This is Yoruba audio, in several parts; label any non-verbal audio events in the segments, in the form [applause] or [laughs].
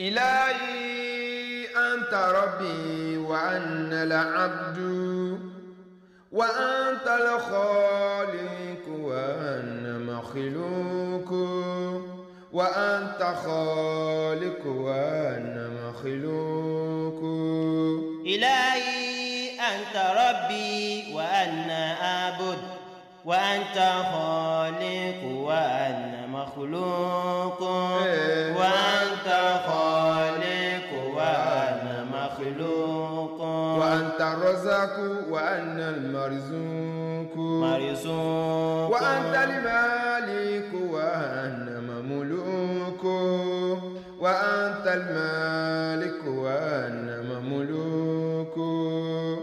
إلهي أنت ربي وأنا العبد وأنت الخالق وأنا مخلوق وأنت خالق وأنا مخلوق إلهي أنت ربي وأنا أعبد وأنت خالق وأنا مخلوق إيه. وأنت الرزاق وأنا المرزوق مرزوق وأنت المالك وأنا مملوك وأنت المالك وأنا مملوك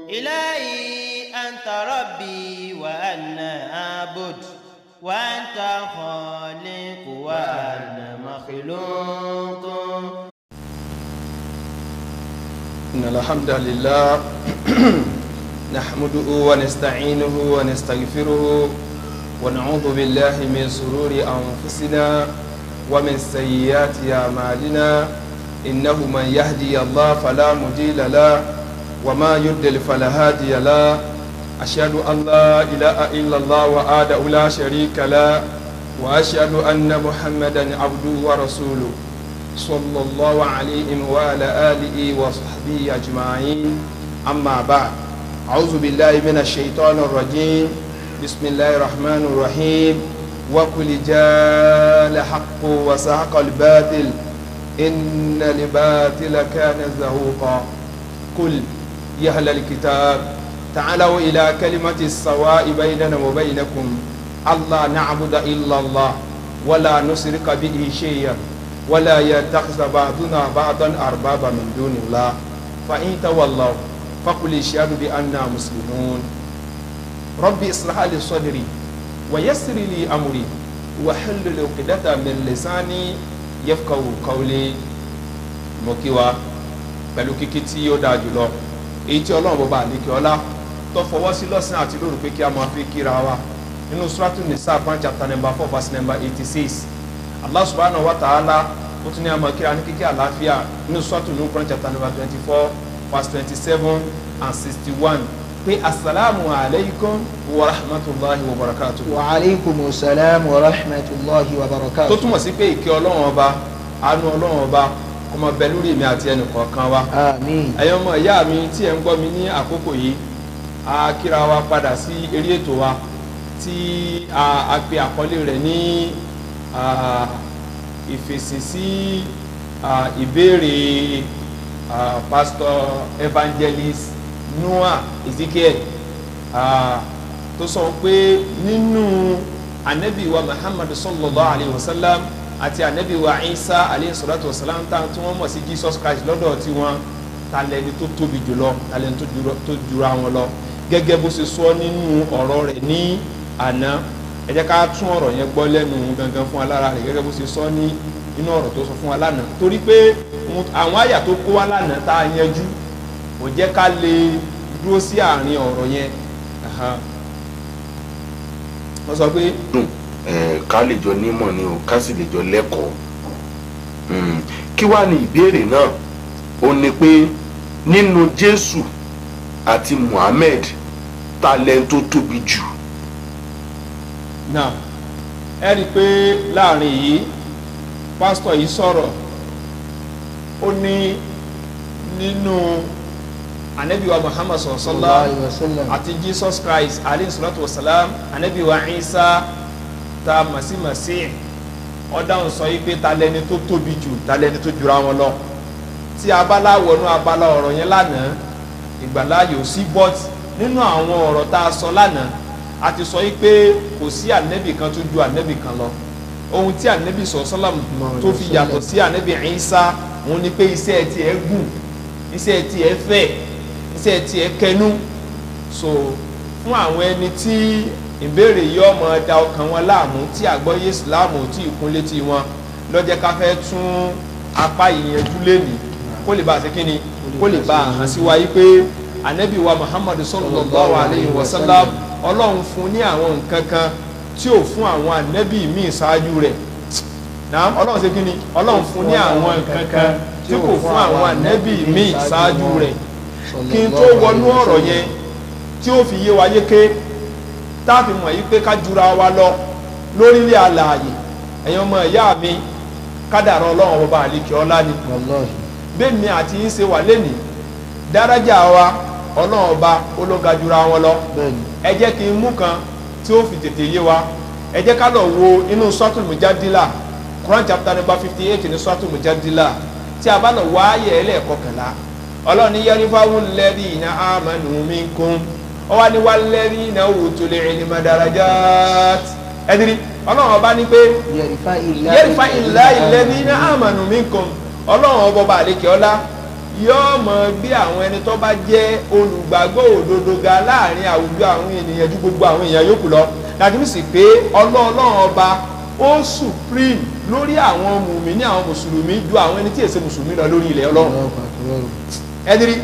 إلهي أنت ربي وأنا أعبد وأنت خالق وأنا مخلوق إن الحمد لله نحمده ونستعينه ونستغفره ونعوذ بالله من سرور أنفسنا ومن سيئات أعمالنا إنه من يهدي الله فلا مضل له وما يضلل فلا هادي له أشهد أن لا إله إلا الله وحده لا شريك له وأشهد أن محمدا عبده ورسوله صلى الله عليه وعلى آله وصحبه أجمعين أما بعد أعوذ بالله من الشيطان الرجيم بسم الله الرحمن الرحيم وكل جاء الحق وسحق الباطل إن الباطل كان زهوقا قل يا أهل الكتاب تعالوا إلى كلمة السواء بيننا وبينكم الله نعبد إلا الله ولا نشرك به شيئا ولا يتخذ بعضنا بعضا أربابا من دون الله فإن تولوا فقل اشهدوا بأننا مسلمون ربي اصلح لي صدري ويسر لي أمري وحل عقدة من لساني يفقه قولي mokiwa pẹ̀lú kíkí tí ó dáa jùlọ èyí tí ọlọ́run bọba àlékè ọlá tó fọwọ́ sí lọ́sìn àti lóru pé kí a máa fi kíra wa nínú suratu nisa pan chapter number four verse number eighty six allah subhanahu wa ta'ala ó tún ní a máa kíra ní kíkí àlàáfíà nínú suratu nukran chapter twenty four verse twenty seven and sixty one pé asalaamu aleykum wa rahmatulahi wa barakatu. wa aleykum salaam wa rahmatulahi wa barakatu. tó túmọ̀ sí pé ìkẹ́ ọlọ́run ọba àánú ọlọ́run ọba ọmọ bẹ lórí èmi àti ẹnì kọ̀ọ̀kan wa. àmín. ẹ̀yin ọmọ ìyá mi tí ẹ̀ ń gbọ́ mi ní àkókò yìí a kíra wa padà sí eré ètò wa tí a pe àkọlé rẹ̀ ní ìfèsì sí ìbéèrè uh, pastor evangelist noah ezekiel uh, tó sọ pé nínú anabi wa muhammadu sallallahu alayhi wa sallam àti anabi wa isa alayhi salatu wa salam tá tí wọ́n mọ̀ sí jesus christ lọ́dọ̀ tí wọ́n talẹni tó tóbi jùlọ talẹni tó jura wọn lọ gẹ́gẹ́ bó ṣe sọ nínú ọ̀rọ̀ rẹ̀ ní àná ẹ jẹ́ ká tún ọ̀rọ̀ yẹn gbọ́ lẹ́nu gangan fún alára rẹ̀ gẹ́gẹ́ bó ṣe sọ ní nínú ọ̀rọ̀ tó sọ fún wa lánàá torí pé àwọn àyà tó kó wa lánàá tá a yanjú kò jẹ́ ká lè dúró sí àárín ọ̀rọ̀ yẹn wọ́n sọ pé. ká lè jọ nímọ̀ ni o ká sì lè jọ lẹ́kọ̀ọ́ hmm, kí wàá ní ìbéèrè náà ó ní pé nínú Jésù àti Muhammed ta lẹ́ni tó tóbi jù. náà ẹ rí i pé láàrin yìí pásítọ̀ yìí sọ̀rọ̀ ó ní nínú anabiwa muhammad sallallahu alaihi wa sallam àti jesus christ alayhi salatu wa salam anabiwa isa ta màsímàsí ọ̀dáhùn sọ yìí pé ta lẹni tó tóbi jù ta lẹni tó jura wọn lọ tí abala wọnú abala ọ̀rọ̀ yẹn lánàá ìgbàláyò sí bọ́t nínú àwọn ọ̀rọ̀ tá a sọ lánàá a ti sọ yìí pé kò sí ànẹ́bì kan tó ju ànẹ́bì kan lọ ohun tí anabi sọ sálàm tó fi yàtọ̀ sí anabi Ìsá òun ni pé iṣẹ́ ti ẹ̀ gùn iṣẹ́ ti ẹ̀ fẹ̀ iṣẹ́ ti ẹ̀ kẹnu so fún àwọn ẹni tí ìbéèrè yìí ọmọ da ọkàn wọn láàmú tí àgbọ́yé ìsìláàmù tí ìkún létí wọn ló jẹ́ ká fẹ́ tún apá ìyẹnjú lẹ́nìí kó lè bá a ṣe kí ni kó lè bá a hàn sí wa yìí pé anabi wa muhammadu sallallahu alayhi wa sallam ọlọ́run fún ní àwọn nǹkan kan tí ò fún àwọn ànábì mi ṣáájú rẹ̀ náà ọlọ́run ṣe kí ni ọlọ́run fún ní àwọn kankan tí kò fún àwọn ànábì míì ṣáájú rẹ̀ kí n tó wọnú ọ̀rọ̀ yẹn tí ó fi yé wa yéké tá a fi mọ̀ yí pé ká jura lọ lórílẹ̀ àlàyé ẹ̀yin ọmọ ìyá mi ọlọ́run ọba àlekè ọlá ni bẹ́ẹ̀ni àti yín ṣe wà lẹ́nìí ọba ó ló ga jura wọn lọ ẹ jẹ́ kan tí ó fi tètè yé wa ẹ jẹ́ ká lọ wo inú suratul mujadila Quran chapter number fifty eight ní suratul mujadila tí a bá lọ wá ayé ẹlẹ́ẹ̀kọkànlá ọlọ́ọ̀ni yẹrìfáwù lẹ́rì iná amanu minkum ọwọ́ ni wà lẹ́rì iná òtúlẹ̀ ilma darajat ẹ̀dìrí ọlọ́run ọba ní pé yẹrìfá ìlà ìlẹ́rì iná amanu minkum ọlọ́run ọba ọba àlekè ọlá yóò mọ bí àwọn ẹni tó bá jẹ́ olùgbàgbọ́ òdodo ga láàrin àwùjọ àwọn ènìyàn ju gbogbo àwọn èèyàn yòókù lọ that means pé ọlọ́ọ̀lọ́run ọba ó supreme lórí àwọn mùmíní àwọn mùsùlùmí ju àwọn ẹni tí èsè mùsùlùmí lọ lórí ilẹ̀ ọlọ́run ẹ̀dìrí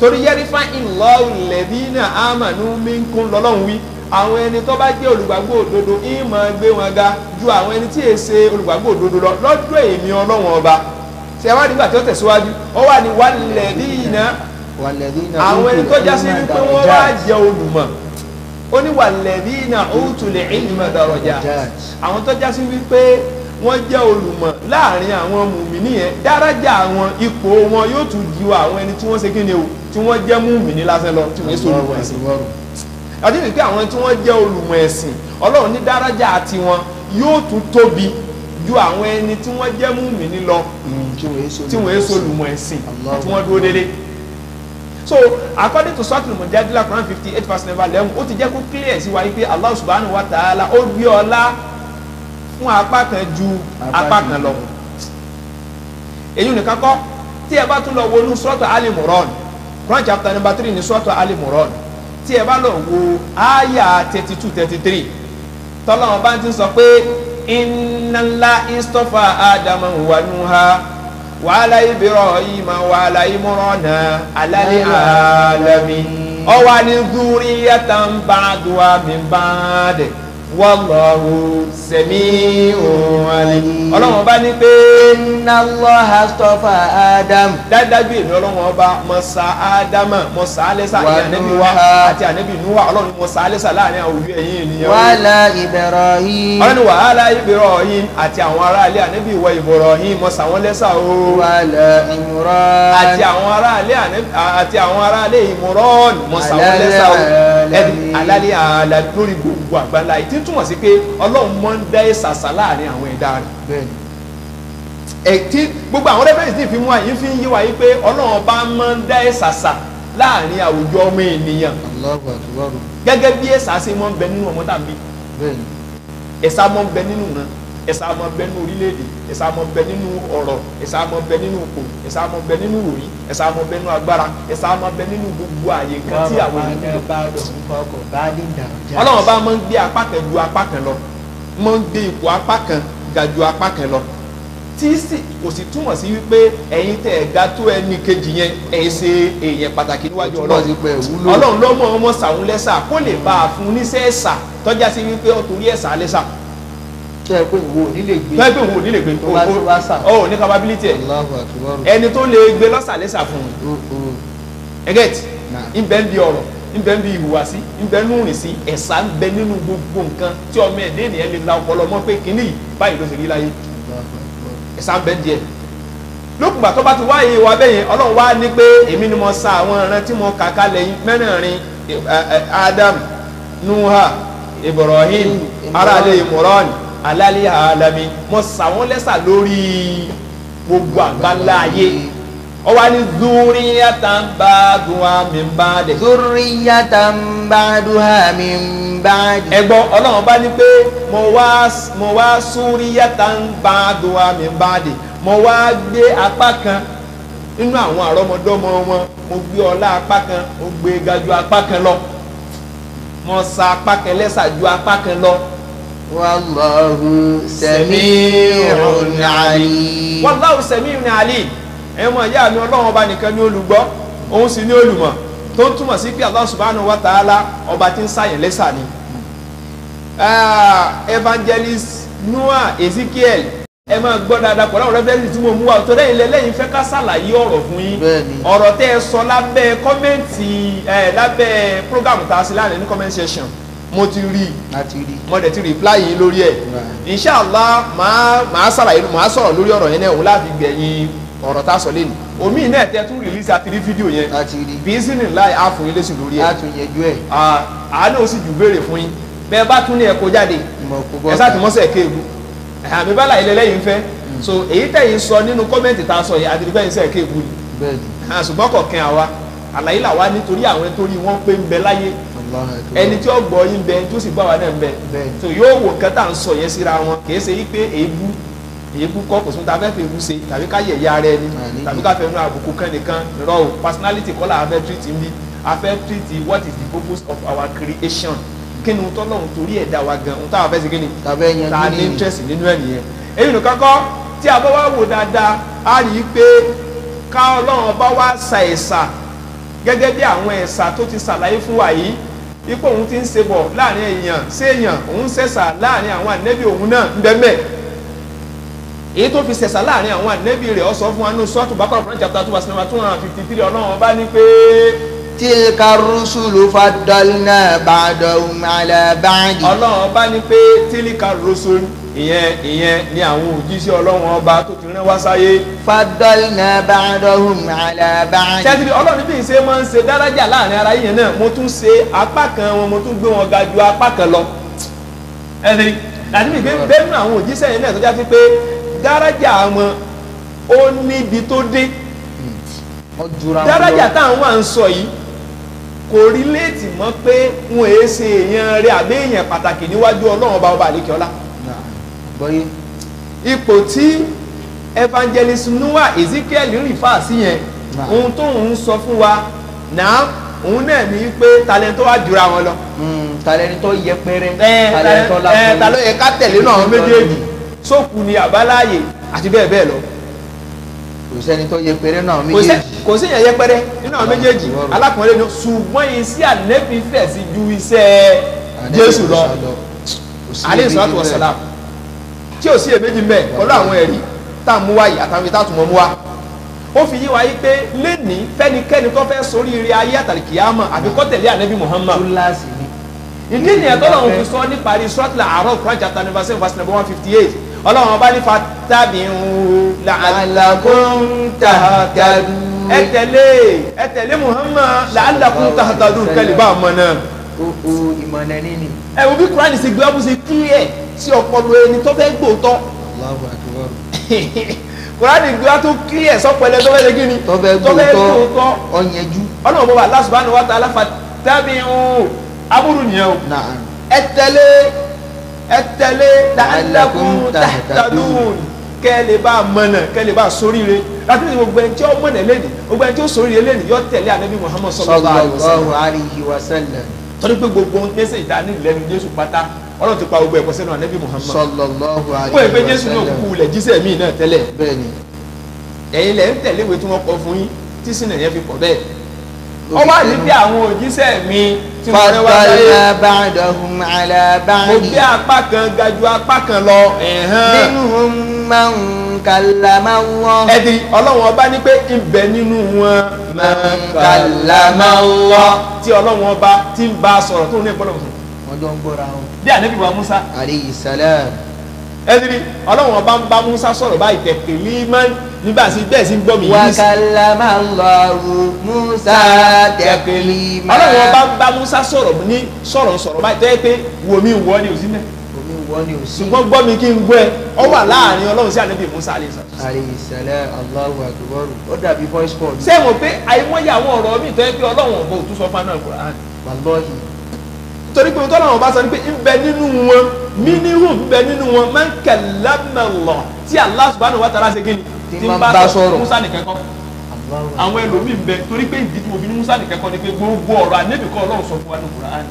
torí yẹ́rìfà ìlọ́ọ̀ lẹ́dínà àmàlú mínkún lọ́lọ́run wí àwọn ẹni tó bá jẹ́ olùgbàgbọ́ òdodo ìmọ̀ gbé wọn ga ju àwọn ẹni tí èsè olùgbàgbọ́ òdodo lọ lọ́dọ̀ èmi ọlọ́run ọba ṣe wá nígbà tí ó tẹ̀síwájú ó wà ní wàlẹ́dínà àwọn ẹni tó jásí wípé wọ́n wá jẹ olùmọ̀ ó ní wàlẹ́dínà utul ilma daraja àwọn tó jásí wípé wọ́n jẹ́ olùmọ̀ láàrin àwọn mùmíní yẹn dáràjà àwọn ipò wọn yóò tún ju àwọn ẹni tí wọ́n ṣe kíni o tí wọ́n jẹ́ mùmíní lásán lọ tí wọ́n ṣe olùmọ̀ ẹ̀sìn àti wípé àwọn tí wọ́n jẹ́ olùmọ̀ ẹ̀sìn Ọlọ́run ní dáràjà tiwọn yóò tún tóbi ju àwọn ẹni tí wọ́n jẹ́ mùmíní lọ tí wọ́n èso lùmọ̀ ẹ̀sìn tí wọ́n dúró déédéé so according to suratul mujadila quran fifty eight verse number eleven ó ti jẹ́ kó clear sí wa yìí pé allah subhanahu wa ta'ala ó gbé ọlá fún apá kan ju apá kan lọ èyí nìkan kọ́ tí ẹ bá tún lọ wọnú suratul alimuran quran chapter number three ní suratul alimuran tí ẹ bá lọ wo aya thirty two thirty three tọ́lọ́wọ́n bá ń ti sọ pé ìnàlá ìstọ́fà ádámà wà nùhà wàhálà ìbírọ̀hìmà wàhálà ìmúrànà alálẹ́ àlámì ọwọ́ àni zúrí yàtà ń bá dùwà mi bá dẹ̀ wallahu sami'un alim ọlọ́run ọba ní pé inna Allaha astafa adam dájúdájú èmi ọlọ́run ọba mo ṣà ádámà mo ṣà á lẹ́ṣà ní ànábì wa àti ànábì nuwa ọlọ́run mo ṣà á lẹ́ṣà láàrin àwọn ẹ̀yìn ènìyàn. wàhálà Ibrahim. ọlọ́run ní wàhálà Ibrahim àti àwọn aráalé ànábì wa Ibrahim mo ṣà wọ́n lẹ́ṣà o. wàhálà Imran. àti alálẹ́ àlà lórí gbogbo àgbàlá ìtí túmọ̀ sí pé ọlọ́run mọ́ ń dá ìsàsà láàrin àwọn ẹ̀dá rẹ̀ ẹ̀tí gbogbo àwọn reference ti fi mú àyín fi ń yí wa yí pé ọlọ́run bá mọ́ ń dá ìsàsà láàrin àwùjọ ọmọ ènìyàn gẹ́gẹ́ bí ẹ̀sà sí mọ́ ń bẹ nínú ọmọ tàbí ẹ̀sà mọ́ ń bẹ nínú náà ẹ̀sà mọ̀ bẹ nínú orílẹ̀-èdè ẹ̀sà mọ̀ bẹ nínú ọ̀rọ̀ ẹ̀sà mọ̀ bẹ nínú ipò ẹ̀sà mọ̀ bẹ nínú òrí ẹ̀sà mọ̀ bẹ nínú agbára ẹ̀sà mọ̀ bẹ nínú gbogbo àyè kan tí àwọn ènìyàn bá lọ. ọlọ́run bá máa ń gbé apá kan ju apá kan lọ máa ń gbé ipò apá kan ga ju apá kan lọ tí kò sì túmọ̀ sí wípé ẹ̀yin tẹ̀ ga tó ẹni kejì yẹn ẹ̀ ṣe èèyàn pàtàkì níwájú ọlọ́run ọlọ́run lọ́mọ tó yẹ pé wo ní gbé tó ọ ní capability ẹ ẹni tó lè gbé lọ́sàlẹ́sà fún mm, mm. ẹgẹ́t ìbẹ́ ń bi ọ̀rọ̀ ìbẹ́ ń bi ìhùwàsí ìbẹ́ ń rìn sí nínú gbogbo nǹkan tí ọmọ lè la ọpọlọ pé kínní báyìí ló rí láyé ẹ̀sà ń bẹ díẹ̀ lókùnbà tó bá ti wá wa bẹ́yẹn ọlọ́run wá ní Ibrahim aráàlẹ̀ Alali alami mo sà wọ́n lẹ́sà lórí gbogbo àgbáńlá ayé ọwọ́ ni zuriyata ń duwa mi ń bá dẹ̀. zuriyata duwa mi ń bá dẹ̀. ọlọ́run bá ní pé mo wá mo wá zuriyata ń bá duwa mi ń bá dẹ̀ mo wá gbé apá kan nínú àwọn àrọ́mọdọ́mọ wọn mo gbé ọlá apá kan mo gbé ga ju apá kan lọ mo sa apá kan lẹ́sà ju apá kan lọ wàláhù sami'un alim. wàláhù sami'un alim ẹ̀yin mọ̀ ìyá mi ọlọ́run ọba nìkan ní olùgbọ́ òun sì ní olùmọ̀ tó ń túmọ̀ sí pé Allah subhanahu wa ta'ala ọba tí ń sàyẹn lẹ́sà ni. Ah, evangelist noah ezekiel ẹ máa gbọ́ dáadáa pẹ̀lú àwọn rẹ́fẹ́rẹ́sì tí mo mú wa tó lẹ́yìn lẹ́yìn fẹ́ ká ṣàlàyé ọ̀rọ̀ fún yín ọ̀rọ̀ tẹ́ ẹ sọ lábẹ́ kọ́mẹ́ǹtì lábẹ́ prógámù tá a ṣe láàrin ní comment section mo ti rí mo dẹ̀ ti reply yìí lórí ẹ̀ inshallah màá màá ṣàlàyé màá sọ̀rọ̀ lórí ọ̀rọ̀ yẹn náà òun láti gbẹ̀yìn ọ̀rọ̀ tá a sọ lé ní omi náà tẹ́ tún release àti rí fídíò yẹn bísí nìlá àfòyí lẹ́sìn lórí ẹ̀ àánú ó sì jù béèrè fún yín bẹ́ẹ̀ bá tún ní ẹ̀kọ́ jáde ẹ̀ sáà tí mọ́sẹ̀ kéèbù àmì bá láyé lẹ́lẹ́yìn fẹ́ mm. so èyí tẹ̀yìn sọ nínú kọ́mẹ́ǹtì tá a sọ yìí àdìrígbẹ́ yìí sẹ́ẹ̀ kéèbù ni ṣùgbọ́n kọ̀ọ̀kan àwa àlàyé làwa nítorí àwọn torí wọ́n pé ń bẹ láyé ẹni tí ó gbọ́ yín bẹ tó sì gbọ́ àwa náà bẹ tó yóò wò kán tá à ń sọ yẹn síra wọn kì í ṣe yí pé èébú èébú kọ́ kò sún ta fẹ́ fi ewu ṣe tàbí ká yẹ̀yẹ́ ara ẹni tàbí ká fẹnu àbùkù kan nìkan rọ o personality kọ́ là á fẹ́ treat mi a fẹ́ treat what is the purpose of our creation kí ni tọ́lọ́hún torí ẹ̀dá wa gan ohun táwa fẹ́ ṣe kí ni ta ní interest nínú ẹ̀ nìyẹn èyí nìkan kọ́ tí a bá wá wò dáadáa a rí i pé ká ọlọ́run bá wá sa ẹ̀sà gẹ́gẹ́ bí àwọn ẹ̀sà tó ti ṣàlàyé fún wa yìí ipò òun ti ń ṣe bọ̀ láàrin èèyàn sí èèyàn òun ṣẹ̀ṣà láàrin àwọn ànẹ́bí òun náà ń bẹ́ẹ̀ bẹ́ẹ̀ èyí tó fi ṣẹ̀ṣà láàrin àwọn ànẹ́bí rẹ̀ ó fún wa ní sọ́ọ̀tù bákàrọ̀ fún chapter two verse number two hundred fifty three ọlọ́run ọba ní pé. tilka rusulu faddalna ba'dahum ala ba'di. ọlọ́run ọba ní pé tilka rusulu ìyẹn ìyẹn ni àwọn òjíṣẹ́ ọlọ́run ọba tó ti rán wá sáyé. fadọ́lìnà bàdọ́hùn àlàbàdì. ṣẹ́tìrì ọlọ́run bí ṣe máa ń ṣe dáràjà láàrin ara yìí náà mo tún ṣe apá kan wọn mo tún gbé wọn ga ju apá kan lọ. ẹni àti mi gbé bẹ́ẹ̀ nù àwọn òjíṣẹ́ yẹn náà tó jáde pé dáràjà wọn ó níbi tó dé. dáràjà táwọn wà ń sọ yìí kò rí léètì mọ́ pé wọn èé ṣe èèyàn rẹ̀ àbí pàtàkì níwájú ọlọ́run ọba ọba àlékè àgbọ́yé ipò tí evangelist Noah Ezekiel rìn fà sí yẹn ohun tóun ń sọ fún wa náà òun náà ní pé talẹ̀ tó wá jura wọn lọ. Hmm, talẹ̀ tó yẹpẹrẹ talẹ̀ tó lápẹ́ talẹ̀ yẹ ká tẹ̀lé náà àwọn méjèèjì sókù ni àbáláyè àti bẹ́ẹ̀ bẹ́ẹ̀ lọ. kò sẹ́ni tó yẹpẹrẹ náà àwọn méjèèjì. kò sẹ́yìn yẹpẹrẹ nínú àwọn méjèèjì alákùnrin ni ṣùgbọ́n iṣẹ́ ànẹ́bí fẹ̀ sí ju iṣẹ́ Jésù lọ alẹ́ ìsọ́tò ọ̀sán náà tí ò sí èméjì mbẹ pẹ̀lú àwọn ẹ̀rí tá à ń mú wáyé àtàwọn ìta tùmọ̀ mú wa. ó fi yí wa yí pé lẹ́ni fẹ́nikẹ́ni tó fẹ́ sórí ire ayé àtàlìkìyàmọ̀ àbí kó tẹ̀lé ànábì Muhammad. ìdí nìyẹn tó lọ́wọ́ fi sọ nípa rí sọ́tìlà àárọ̀ kúrọ̀ jàtà ní verse verse one fifty eight ọlọ́run ọba ní fatabi'u la'allakum tahtadun. ẹ tẹ̀lé ẹ tẹ̀lé Muhammad la'allakum tahtadun a mọ̀ náà sí ọpọlọ ẹni tó fẹ́ gbòótọ́. [laughs] kùránì gbé wá tó clear sọpọlọ ẹni tó fẹ́ ṣe kí ni tó fẹ́ gbòótọ́ ọ̀yẹ́jú. ọlọ́run bọ́ba Allah subhanahu wa ta'ala fattabi'u amúrù nìyẹn o ẹ tẹ̀lé ẹ tẹ̀lé la'allakum tahtadun kẹ́lẹ̀ bá mọ̀nà kẹ́lẹ̀ bá sóríire láti ní gbogbo ẹni tí ó mọ̀nà lẹ́nu gbogbo ẹni tí ó sóríire lẹ́nu yọ tẹ̀lé anabi Muhammad sallallahu alaihi wasallam torí pé gbogbo mẹ́sẹ̀jì ọlọ́run ti pa gbogbo ẹ̀kọ́ sẹ́nu anabi muhammad sallallahu alayhi wa sallam wọ́n jésù náà kú lẹ̀ jísẹ̀ míì náà tẹ́lẹ̀ bẹ́ẹ̀ni ẹ̀yin lẹ̀ ń tẹ̀lé ìwé tí kọ fún yín tí sínú yẹn fi pọ̀ bẹ́ẹ̀ ọwọ́ àti bí àwọn òjíṣẹ́ mi tí mo rẹ wá láyé mo bí apá kan ga ju apá kan lọ. nínú máa ń kàlámà wọn. ẹ ọlọ́wọ́n ọba ní pé ibẹ̀ nínú wọn máa ń kàlámà wọn. tí ọlọ́wọ́n ọba ti ń bá a sọ̀rọ̀ tó ní ìpọ́nlọ́wọ́ wọ́n jọ ń gbọ́ra wọn. bí ànábì wa Musa. aleyhi salam. ẹ ti rí ọlọ́run ọba ń bá Musa sọ̀rọ̀ báyìí tẹ̀kẹ́ lé máa ń nígbà sí bẹ́ẹ̀ sí ń gbọ́ mi yìí. wàkàlámà lọ́rù Musa tẹ̀kẹ́lì máa. ọlọ́run ọba ń bá Musa sọ̀rọ̀ ní sọ̀rọ̀ sọ̀rọ̀ báyìí tẹ́ pé wò mí wọ́ ni ò sí mẹ́. wò mí wọ́ ni ò sí. ṣùgbọ́n gbọ́ mi kí n gbọ́ ẹ ọ wà láàrin ọlọ́run sí ànábì Musa alayhi salam. alayhi salam Allahu akbar ó dàbí voice call. ṣé mo pé àìmọye àwọn ọ̀rọ̀ mi tẹ́ pé ọlọ́run ọ̀bọ̀ òtún torí pé tọ́lá wọn bá sọ pé ń bẹ nínú wọn minimum ń bẹ nínú wọn máa ń kẹlẹ́mẹ̀ lọ tí Allah subhanahu wa ta'ala ṣe kí ni tí ń bá sọ̀rọ̀ Musa nìkan kọ́ àwọn ẹlòmíì ń bẹ torí pé ìdí tí mo fi ní Musa nìkan ni pé gbogbo ọ̀rọ̀ anébìkọ́ Ọlọ́run sọ fún wa ní Kùránì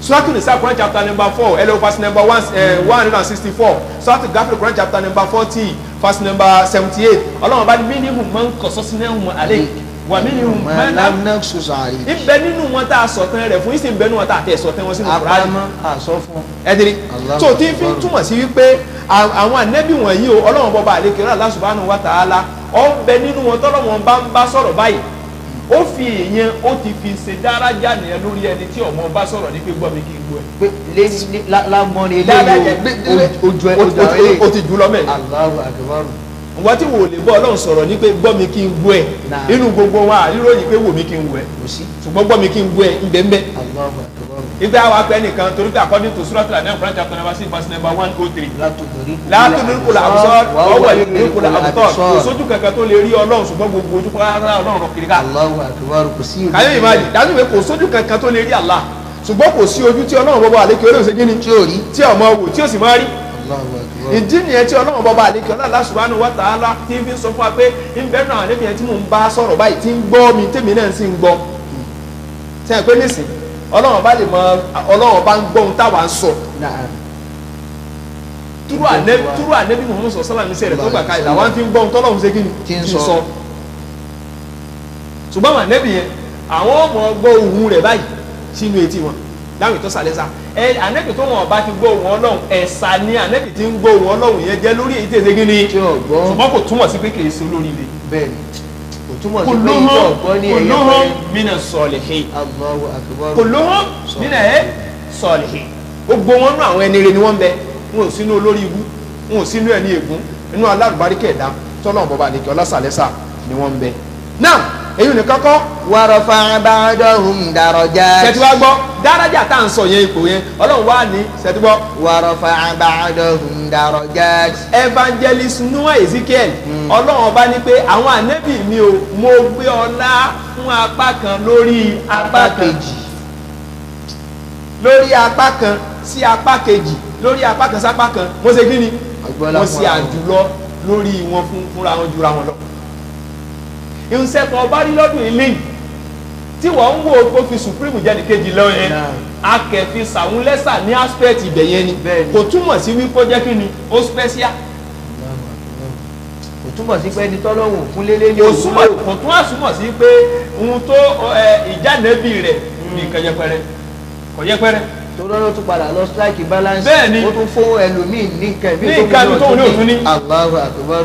suratu nisa quran chapter number four hello verse number one eh, one hundred and sixty-four suratu gafir quran chapter number forty verse number seventy-eight ọlọ́run bá ní mínímù máa ń kọ̀ sọ́sínẹ́hùn àlẹ́ yìí wàmí ni mẹ́lám náà sọ̀sọ̀ àyè. ibẹ̀ nínú wọn tá a sọ̀tàn rẹ̀ fún ìsìn bẹ́nu wọn tá a tẹ̀ sọ̀tàn wọn sínú kura rẹ̀. àpamọ́ àsọ fún. ẹ dirí tó tí fi túmọ̀ sí wípé àwọn ànẹ́bí wọ̀nyí o ọlọ́run bọba àlekèrè Allah subhanahu wa ta'ala ó ń bẹ nínú wọn tọ́lọ́wọ́n bá ń bá sọ̀rọ̀ báyìí ó fi ìyẹn ó ti fi ṣe dárájà nìyẹn lórí ẹni tí ọmọ bá sọ̀rọ̀ ní pé gbọ́ mi kí n gbọ́ ẹ. pé lẹ́yìn lágbọ́n ni eléyìí ojú ẹ ojú ẹ o ti jù lọ mẹ́rin. Allahu akbar wọ́n tí wò lè bọ́ ọlọ́run sọ̀rọ̀ ní pé gbọ́ mi kí n gbọ́ ẹ̀ inú gbogbo wa àríróyìn pé wò mí kí n wò ẹ̀ ṣùgbọ́n gbọ́ mi kí n gbọ́ ẹ̀ ńbẹ́ńbẹ́. ìgbà àwọn apẹ́ nìkan torí pé according to suratul anam Quran chapter number six verse number one oh three. látò nírúkú la àbùsọ ọwọ́ nírúkú la àbùtọ́ ìsojú kankan tó lè rí ọlọ́run ṣùgbọ́n gbogbo ojú kọ́ra ọlọ́run kiri ká. káyọ̀ ìmáàlì dájú pé kò sójú kankan tó lè rí Allah ṣùgbọ́n kò sí ojú tí ọlọ́run bọ́bọ́ àlékè olóòṣègíní tí ọmọ wò tí ó sì máa rí ìdí nìyẹn tí ọlọ́run bọ́ba àlekè ọlọ́run Allah subhanahu wa ta'ala tí ń fi sọ fún wa pé ń bẹ́ẹ̀ náà àlébìyẹn tí mò ń bá sọ̀rọ̀ báyìí tí ń gbọ́ mi tèmi náà sì ń gbọ́ sẹ́yìn pé nísìn ọlọ́run bá lè mọ ọlọ́run bá ń gbọ́ ohun táwa ń sọ. túrú ànẹ́bí túrú ànẹ́bí Muhammad sọ sálàmì sẹ́rẹ̀ tó gbà káyìí làwọn fi ń gbọ́ ohun tọ́lọ́run ṣe kí ni kí n sọ. ṣùgbọ́n ànẹ́bí yẹn àwọn ọmọ gbọ́ ohun ẹ ànẹ́bì tó wọn ọba ti gbọ́ òun ọlọ́run ẹ̀sà ni ànẹ́bì ti ń gbọ́ òun ọlọ́run yẹn jẹ́ lórí èyí tètè gíní ṣùgbọ́n kò túmọ̀ sí pé kì í ṣe olórí ilé. bẹ́ẹ̀ni kò túmọ̀ sí pé ìjọ ọgbọ́n ní ẹ̀yẹ kọlóhán mina sọ̀lìhìn kòlóhán mina ẹ̀ sọ̀lìhìn gbogbo wọn nú àwọn ẹni rẹ ni wọ́n bẹ wọn ò sínú olórí ibú wọn ò sínú ẹni ègún inú alárùbáríkẹ̀ dá tọ́lọ́ èyí ni kọ́kọ́. wàrọ̀fà bàdọ̀hùn dàrọ̀jà. sẹ́tiwá gbọ́ dáràjà tá à ń sọ yẹn ipò yẹn ọlọ́run wá ní sẹ́tiwọ́. wàrọ̀fà bàdọ̀hùn dàrọ̀jà. evangelist noah ezekiel hmm. ọlọ́run ọba ní pé àwọn ànẹ́bì mi ò mo gbé ọlá fún apá kan lórí apá kejì lórí apá kan sí apá kejì lórí apá kan sápá kan mo ṣe kí ni mo ṣe àjùlọ lórí wọn fúnra wọn jura wọn lọ ìrúnṣẹ́ kan ọba rí lọ́dún ilé yìí tí wọ́n ń wo kó fi supreme jẹ́ni kejì lọ yẹn akẹ́fì sàwọn lẹ́sà ní aspect ibẹ̀ yẹn ni kò túmọ̀ sí wípé jẹ́ kí ni ó special kò túmọ̀ sí pé ẹni tọ́lọ́wọ̀ fún lélẹ́ ní òwúlò kò tún àsúmọ̀ sí pé ohun tó ìjánẹ́bí rẹ̀ hmm. nìkan yẹpẹrẹ kò yẹpẹrẹ tó lọ́dọ̀ tó padà lọ strike balance ó tún fún ẹlòmíì ní nǹkan ibi tó ní ọ̀tún ní Allahu Akbar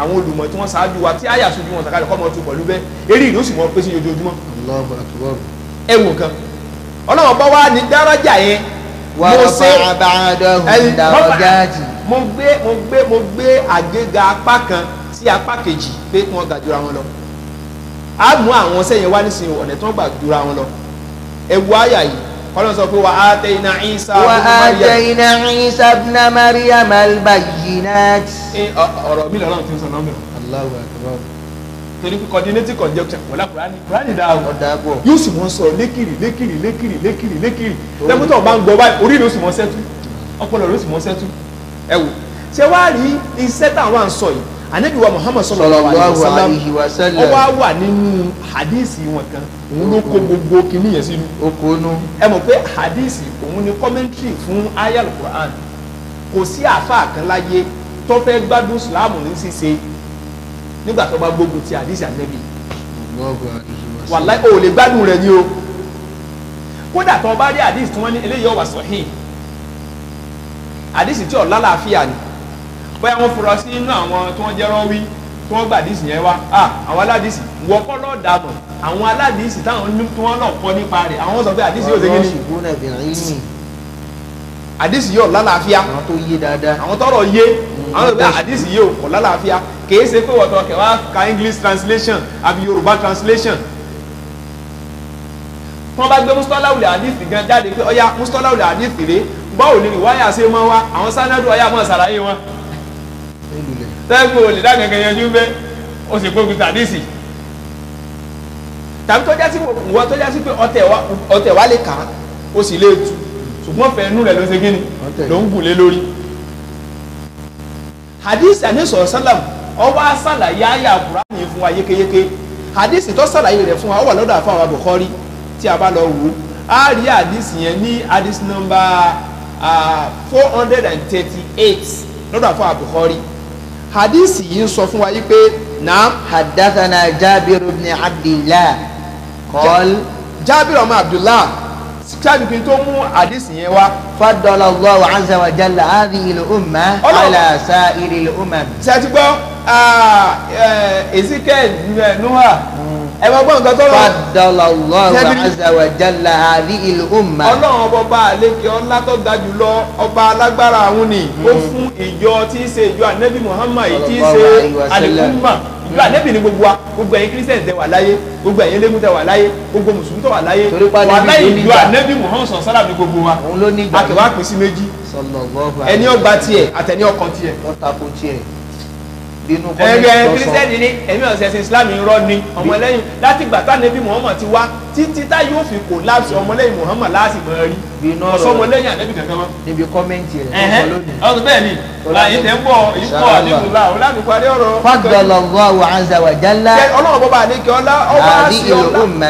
àwọn olùmọ̀ tí wọ́n ṣáájú wa tí àyà sojú wọn sàkálẹ̀ kọ́ mọ́ tó pẹ̀lú bẹ́ẹ̀ eré ìlú sì mọ́ pé sí ojoojúmọ́. ẹ kan. nǹkan ọlọ́run bá wá ní dárọ́jà yẹn mo ṣe mo gbé mo gbé mo gbé àgbéga apá kan sí apá kejì pé wọ́n ga wọn lọ á mú àwọn sẹ́yìn wá nísìnyí ọ̀nà tí wọ́n gbà wọn lọ ẹ àyà yìí ọlọ́run sọ pé wà á tẹ iná ìsá wà á tẹ iná ìsá bínú mariam albayinat. ọ̀rọ̀ mi lọ́rọ̀ tí ń sọ náà mẹ́rin. Allahu akbar. torí pé coordinating conjunction wọlá kurani kurani dáa o. ọ̀dà bọ̀. yóò sì wọ́n sọ lékiri lékiri lékiri lékiri lékiri lẹ́gbẹ́tọ̀ bá ń gbọ́ báyìí orí rẹ̀ ó sì wọ́n sẹ́tù ọpọlọ rẹ̀ sì wọ́n sẹ́tù ẹ wò ṣé wàá rí iṣẹ́ táwọn à ń sọ yìí anabi wa muhammad sallallahu alayhi wa sallam ó wá wà nínú hadisi wọn kan òun ló kó gbogbo kìíní yẹn sínú. ó kó nú. ẹ mọ̀ pé hadisi òun ni commentary fún ayal quran kò sí àáfàá kan láyé tó fẹ́ gbádùn islam ní ṣíṣe nígbà tó bá gbógun ti hadisi anabi. wàláì o lè gbádùn rẹ ni o kódà tó bá rí hadisi tí wọ́n ní eléyìí ó wà sahih hadisi tí ó lálàáfíà ni bóyá wọ́n fura sí inú àwọn tí wọ́n jẹ́ rọ́wí tí wọ́n gbà díìsì yẹn wá à àwọn aládìsì wọ́n kọ́ lọ́ọ́ dàbọ̀ àwọn aládìsì táwọn tí wọ́n lọ kọ́ nípa rẹ̀ àwọn sọ pé àdìsì yóò segin ní àdìsì yóò lálàáfíà àwọn tó yé dáadáa àwọn tọrọ yé hmm. àwọn tó bá àdìsì yóò kọ lálàáfíà kìí ṣe pé wọ́tọ̀ kẹwàá ka English translation àbí Yorùbá translation wọ́n bá gbé mustolawulẹ̀ àdìsì gan jáde pé ọ̀ya mustolawulẹ̀ àdìsì rè báwo ni ìwáyà ṣe máa wá àwọn sanadu ọ̀ya máa ṣàlàyé wọn tẹ́gbù olè dákẹ́kẹ́ yanjú bẹ́ o sì gbógun tàdísì tàbí tọ́já sí wọ́n tọ́já sí pé ọtẹ̀ wá lè kà á o sì lè tu ṣùgbọ́n fẹ́ẹ́nu rẹ̀ ló ṣe gíní ló ń gùn lé lórí. hadith anisọ salam ọwọ́ asàlàyé ayé àkùránì fún wa yékéyéké hadith tó sàlàyé rẹ̀ fún wa ó wà lọ́dọ̀ àfọwọ́ Bukhari tí a bá lọ wò ó a rí hadith yẹn ní hadith number ah, four hundred and thirty eight lọ́dọ̀ àfọwọ́ Bukhari hadith yìí ń sọ fún wa yìí pé naam hadathana jabir ibn abdillah kọ́l jabir ọmọ abdullah sáàbì pé tó mú hadith yẹn wá. fadala allah wa wa jalla hadhihi al umma ala sa'iri al umam. ṣe àti ah, eh, ezekiel eh, nuha ẹ máa gbọ́ nǹkan tọ́lọ́. fadala Allahu azza wa jalla hadhihi al-umma. ọlọ́run ọba ọba àlekè ọlá tó ga jù lọ ọba alágbára àwọn ni ó mm-hmm. fún ìjọ tí í ṣe ìjọ anabi muhammad tí í ṣe alikuma ìjọ anabi mm-hmm. ni gbogbo wa gbogbo ẹ̀yin christian tẹ wà láyé gbogbo ẹ̀yin lẹ́mú tẹ wà láyé gbogbo mùsùlùmí tẹ wà láyé wà láyé ìjọ anabi muhammad sọ̀rọ̀ sálàmù ni gbogbo wa àtẹ̀wá pèsè méjì ẹni ọgbà tiẹ̀ àtẹ̀ni ọkàn tiẹ̀ bínú kọ́ ní kírísítẹ́nì ni ẹ̀mí ọ̀sẹ̀ ẹ̀sìn islam irọ́ ni ọmọlẹ́yìn láti gbà tá nẹ́bí muhammad ti wá títí tá yóò fi kò láàbù ọmọlẹ́yìn muhammad láti mọ̀ rí ọ̀sọ́ ọmọlẹ́yìn kankan mọ́. níbi kọ́mẹ́ǹtì rẹ̀ lónìí. ọ̀sùn bẹ́ẹ̀ ni láyé tẹ́ ń bọ̀ ìkọ̀ àdébùlá oládùkọ̀dé ọ̀rọ̀. fàgbọ́lọ̀ Allahu azza wa jalla. ọlọ́run bọ́ba àdékè ọlá ọba àti ọlá.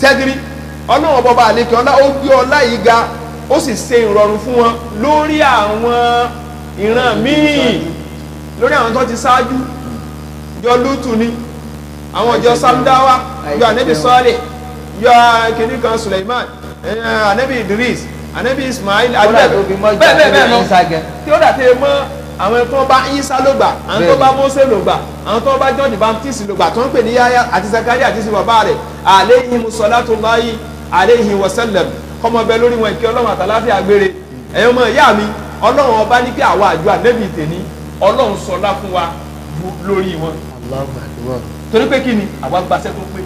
sẹ́giri ọlọ́run bọ́ba lórí àwọn tó ti ṣáájú yọ lútù ni àwọn ìjọ samdawa yọ anabi sọ́ọ̀lẹ̀ yọ kìnnì kan suleiman anabi idris anabi ismail bẹ́ẹ̀ bẹ́ẹ̀ bẹ́ẹ̀ lọ tí ó dàtẹ́ mọ́ àwọn tó bá isa ló gbà àwọn tó bá mose ló gbà àwọn tó bá john baptist ló gbà tó ń pè ní yaya àti zakaria àti bàbá rẹ̀ aleyhi musalatullahi aleyhi wasalam kọmọ bẹ lórí wọn ìkẹ́ ọlọ́run àtàláfíà gbére ẹ̀yin ọmọ ìyá mi ọlọ́run ọba ní pé àwa àjọ ànẹ́bì tèmi ọlọ́run sọlá fún wa lórí wọn. torí pé kí ni àwa gbaṣẹ́ tó pé.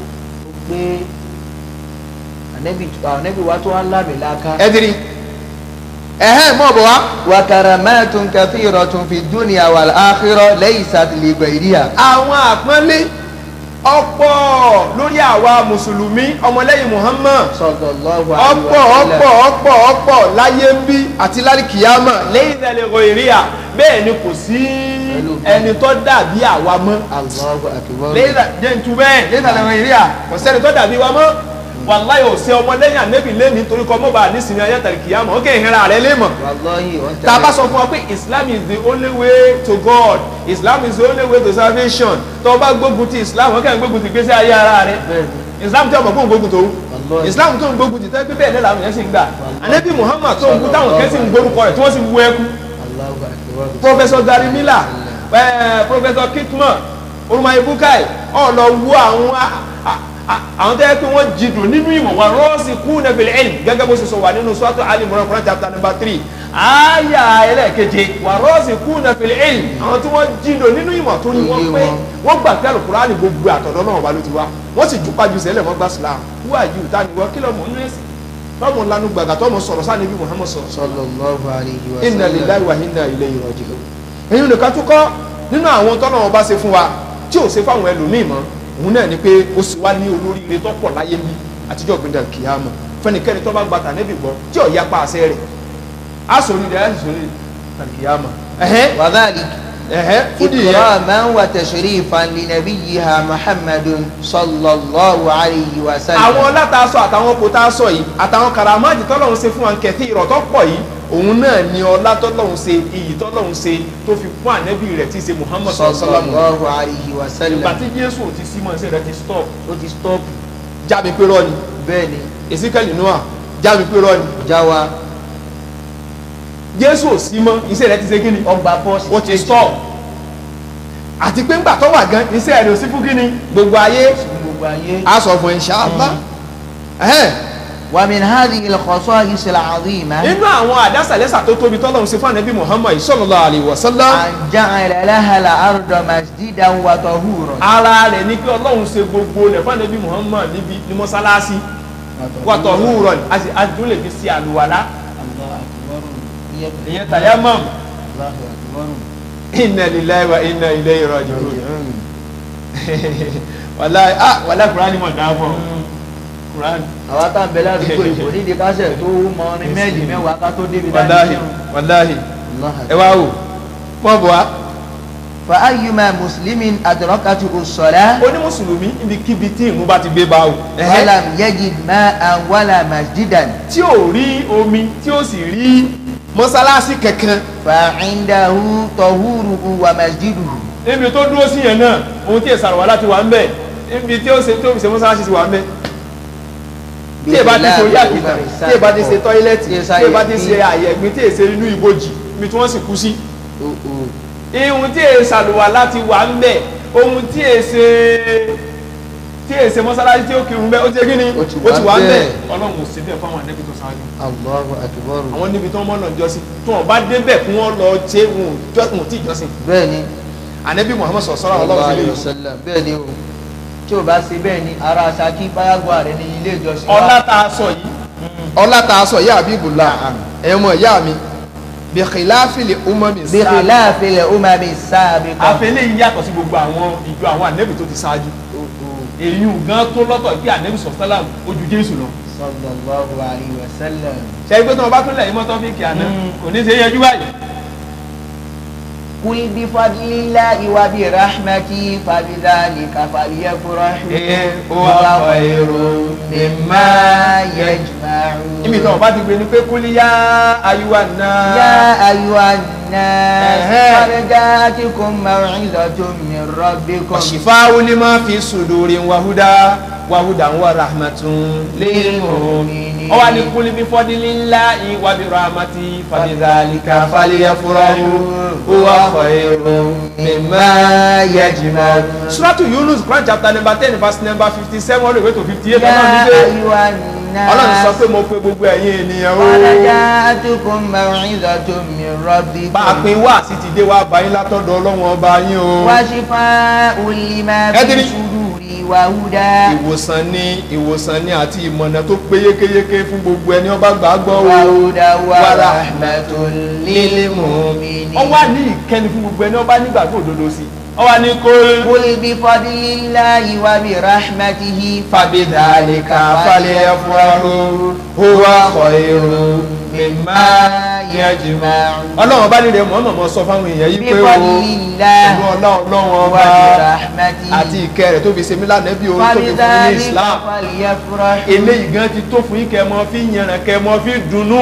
ó pé ànẹ́bí wa tó wá lámì láká. ẹ dirí ẹhẹn mọ bọ wa. wa karamatun kathiratun fi dunya wal akhirah laysat li ghayriha. àwọn àpọ́nlé ọ̀pọ̀ lórí àwa mùsùlùmí ọmọlẹ́yìn Muhammad ọ̀pọ̀ ọ̀pọ̀ ọ̀pọ̀ ọ̀pọ̀ láyé ń bí àti lálìkìyàmà lẹ́yìn ìtẹ̀lẹ̀ ìrìyà bẹ́ẹ̀ ni kò sí ẹni tó dàbí àwa mọ́ lẹ́yìn ìtẹ̀lẹ̀ ìrìyà kò sẹ́ni tó dàbí wa mọ́ wàláyé ò ṣe ọmọ lẹ́yìn ànẹ́bì lẹ́ni torí kọ́ mọ́ba nísìnyí ayé tàbí kìyàmọ́ ó kẹ́ ìhìnrà rẹ lé mọ̀. tá a bá sọ fún wa pé islam is the only way to god islam is the only way to salvation tó o bá gbógun ti islam ó kẹ́ ń gbógun ti gbèsè ayé ara rẹ islam tí ọmọ kó ń gbógun tó islam tó ń gbógun ti tẹ́gbẹ́ bẹ́ẹ̀ lẹ́la àwọn yẹn sì ń gbà ànẹ́bì muhammad tó ń kú táwọn kẹ́ sì ń gborúkọ rẹ̀ tí wọ́n sì ń wú ẹkú professor gary miller eh, professor kitman olùmọ̀ ibùkáì ọ̀ lọ wú àwọn àwọn tó yẹ kí wọ́n jìdùn nínú ìmọ̀ wa rọ́ọ̀sì kú nàbẹ̀lẹ̀ ẹ̀lì gẹ́gẹ́ bó ṣe sọ wà nínú sọ́tò alimọ̀ràn Quran chapter number three àyà ẹlẹ́ẹ̀keje wà rọ́ọ̀sì kú nàbẹ̀lẹ̀ ẹ̀lì àwọn tí wọ́n jìdùn nínú ìmọ̀ tó ní wọ́n pé wọ́n gbà pé Al-Qur'ani gbogbo àtọ̀dọ́ náà wà ló ti wá wọ́n sì jùpá ju sẹ́lẹ̀ wọ́n gbà sílá wúwà yìí ta ni wọ́n kílọ̀ mọ́ nínú ẹ̀sìn tọmọ lanu gbàgà òun náà ni pé ó sì wá ní olóríire tó pọ̀ láyé mi àtijọ́ gbẹ̀dẹ̀ kìámọ̀ fẹnikẹ́ni tó bá gba tànẹ́bì gbọ́ tí ò yá pa àṣẹ rẹ̀ á sòrí rẹ̀ á sì sòrí kìámọ̀. wàhálì ikraman wa tashrifan li nabiyyiha muhammadun sallallahu alayhi wa sallam. àwọn ọlá tá a sọ àtàwọn kò tá a sọ yìí àtàwọn karamáàjì tọ́lọ́run ṣe fún wa kẹ̀tì ìrọ̀tọ́ pọ̀ yìí òun náà ni ọlá tọ́lọ́hún ṣe iyì tọ́lọ́hún ṣe tó fi fún ànẹ́bí rẹ̀ tí ṣe Muhammad sallallahu alayhi wa sallam ìgbà tí Jésù ti sí mọ̀ sí rẹ̀ ti stop ó ti stop jáde pé rọ́ọ̀ni bẹ́ẹ̀ ni èsìkẹ́lì noah jáde pé rọ́ọ̀ni jáwa Jésù ò sí mọ́ iṣẹ́ rẹ̀ ti ṣe kí ni ọgbà bọ́ọ̀sì ó ti stop àti pé ńgbà tó wà gan iṣẹ́ rẹ̀ ò sí fún kí ni gbogbo ayé gbogbo ayé a sọ fún insha Allah hmm wa min hadhihi al-khasa'is al-'azima. nínú àwọn àdásàlẹ́sà tó tóbi tọ́lọ́run ṣe fún anabi muhammad sallallahu alayhi wa sallam. an ja'ala laha al-arda masjidan wa tahura. ara rẹ̀ ni pé ọlọ́run ṣe gbogbo rẹ̀ fún anabi muhammad níbi ní mọ́sálásí wa tahura ni a sì a lè fi ṣe àlùwàlá. ìyẹn tayammum. inna lillahi wa inna ilayhi raji'un. wàlá wàlá kúránì mọ̀ dáa Quran. àwa tá n bẹ ládùúgbò ìbò nídìí kásẹ̀ tó mọ ní mẹ́ẹ̀lì mẹ́wàá ká tó débi dání sírun. wàláhì ẹ wá wò pọ́ọ̀bù wa. fa ayyuma muslimin adrakatu as-salah. oní mùsùlùmí ibikíbi tí ìmú bá ti gbé bá o. walam yajid ma'an wala masjidan. tí ò rí omi tí ò sì rí mọ́sálásí kankan. fa indahu tahuruhu wa masjiduhu níbi tó dúró sí yẹn náà ohun tí èsàrò wà láti wà ń bẹ níbi tí ó ṣe tó fi ṣe mọ́sálásí ti wà ń bẹ tí èbá ti sori àkìtà tí èbá ti ṣe tọ́ílẹ̀tì tí èbá ti ṣe àyẹ̀gbin tí èsè inú ibojì mi tí wọ́n sì kú sí. ihun tí èsè àlùwà láti wà ń bẹ̀ ohun tí èsè tí èsè mọ́sálásí tí ó kírun bẹ́ẹ̀ ó ti gíní ó ti wà ń bẹ̀ ọlọ́run ò sí bẹ́ẹ̀ fáwọn àdébí tó ṣáájú. Allahu akbar. àwọn níbi tó ń mọ́nà jọ́sìn tó wọn bá débẹ̀ kí wọ́n lọ ṣe wọn ò tí jọ́sìn. bẹ́ẹ̀ Muhammad sallallahu alaihi wasallam bẹ́ẹ̀ ni tí o bá ṣe bẹ́ẹ̀ ni ara Ṣakí báyàgọ́ ààrẹ ní ilé ìjọsìn wa. ọlá tá a sọ yìí. ọlá tá a sọ yìí Habibullah ẹ̀mọ̀ ìyá mi bìkìláfìlì umami sáàbì. bìkìláfìlì umami sáàbì. àfẹlẹ́ yìí yàtọ̀ sí gbogbo àwọn ìjọ àwọn ànẹ́bì tó ti ṣáájú. èyí ò gan tó lọ́tọ̀ bí ànẹ́bì sọ̀tọ́lá ojú Jésù lọ. sallallahu alaihi wasallam. ṣe é gbé tó wọn bá tún lẹ̀ yìí mọ́tọ́ fíkì àná mm. kò ní í ṣe é yẹjú báyìí. قل بفضل الله وبرحمته فبذلك فليفرحوا هو خير مما يجمعون ibi tó o bá ti gbé ni pé kúlí yá ayúwa náà. yá ayúwa náà. fàrẹ́dá tí kò máa ń lọ tó mi rọ́bì fi sùdúrin wàhúdà wàhúdà ń rahmatun lil ọwọ́ ni kúlí bí fọ́dílì ńlá ìwà bí rahmati fàdíhàlìkà fàlíyà fúráhù wà fọyìrù mímá yẹjìmá. suratu yunus quran chapter number ten verse number fifty seven all the way to fifty eight ọlọ́run ní pé ọlọ́run sọ pé mo pe gbogbo ẹ̀yin ènìyàn o. ọlọ́dà àtúkò mẹ́rin ìdọ̀tò mi rọ́bì. bá a pin wá sí ti dé wá báyìí látọ̀dọ̀ ọlọ́run ọba yín o. wáṣífà olè máa fi ṣubú ìwà húdá. ìwòsàn ni ìwòsàn ni àti ìmọ̀nà tó pé yékéyéké fún gbogbo ẹni ọba gbàgbọ́ o. ìwà húdá wà rahmatun lil mu'minin. ó wà ní ìkẹ́ni fún gbogbo ẹni ọba nígbàgbọ́ òdodo sí i wà ní kúl. kúl bí fadlillahi wa bí rahmatihi. fàbí dhalika falyafrahu huwa khairu mimma ọlọ́run bá nílẹ̀ mọ́mọ́ mọ́ sọ fáwọn èèyàn yìí pé o pẹ̀lú ọlọ́run ọba àti ìkẹ́ rẹ̀ tó fi ṣe mí lánàá bí o tó fi fún ní Islam eléyìí gan ti tó fún yín kẹ́ mọ fi yànnà kẹ́ mọ fi dunnú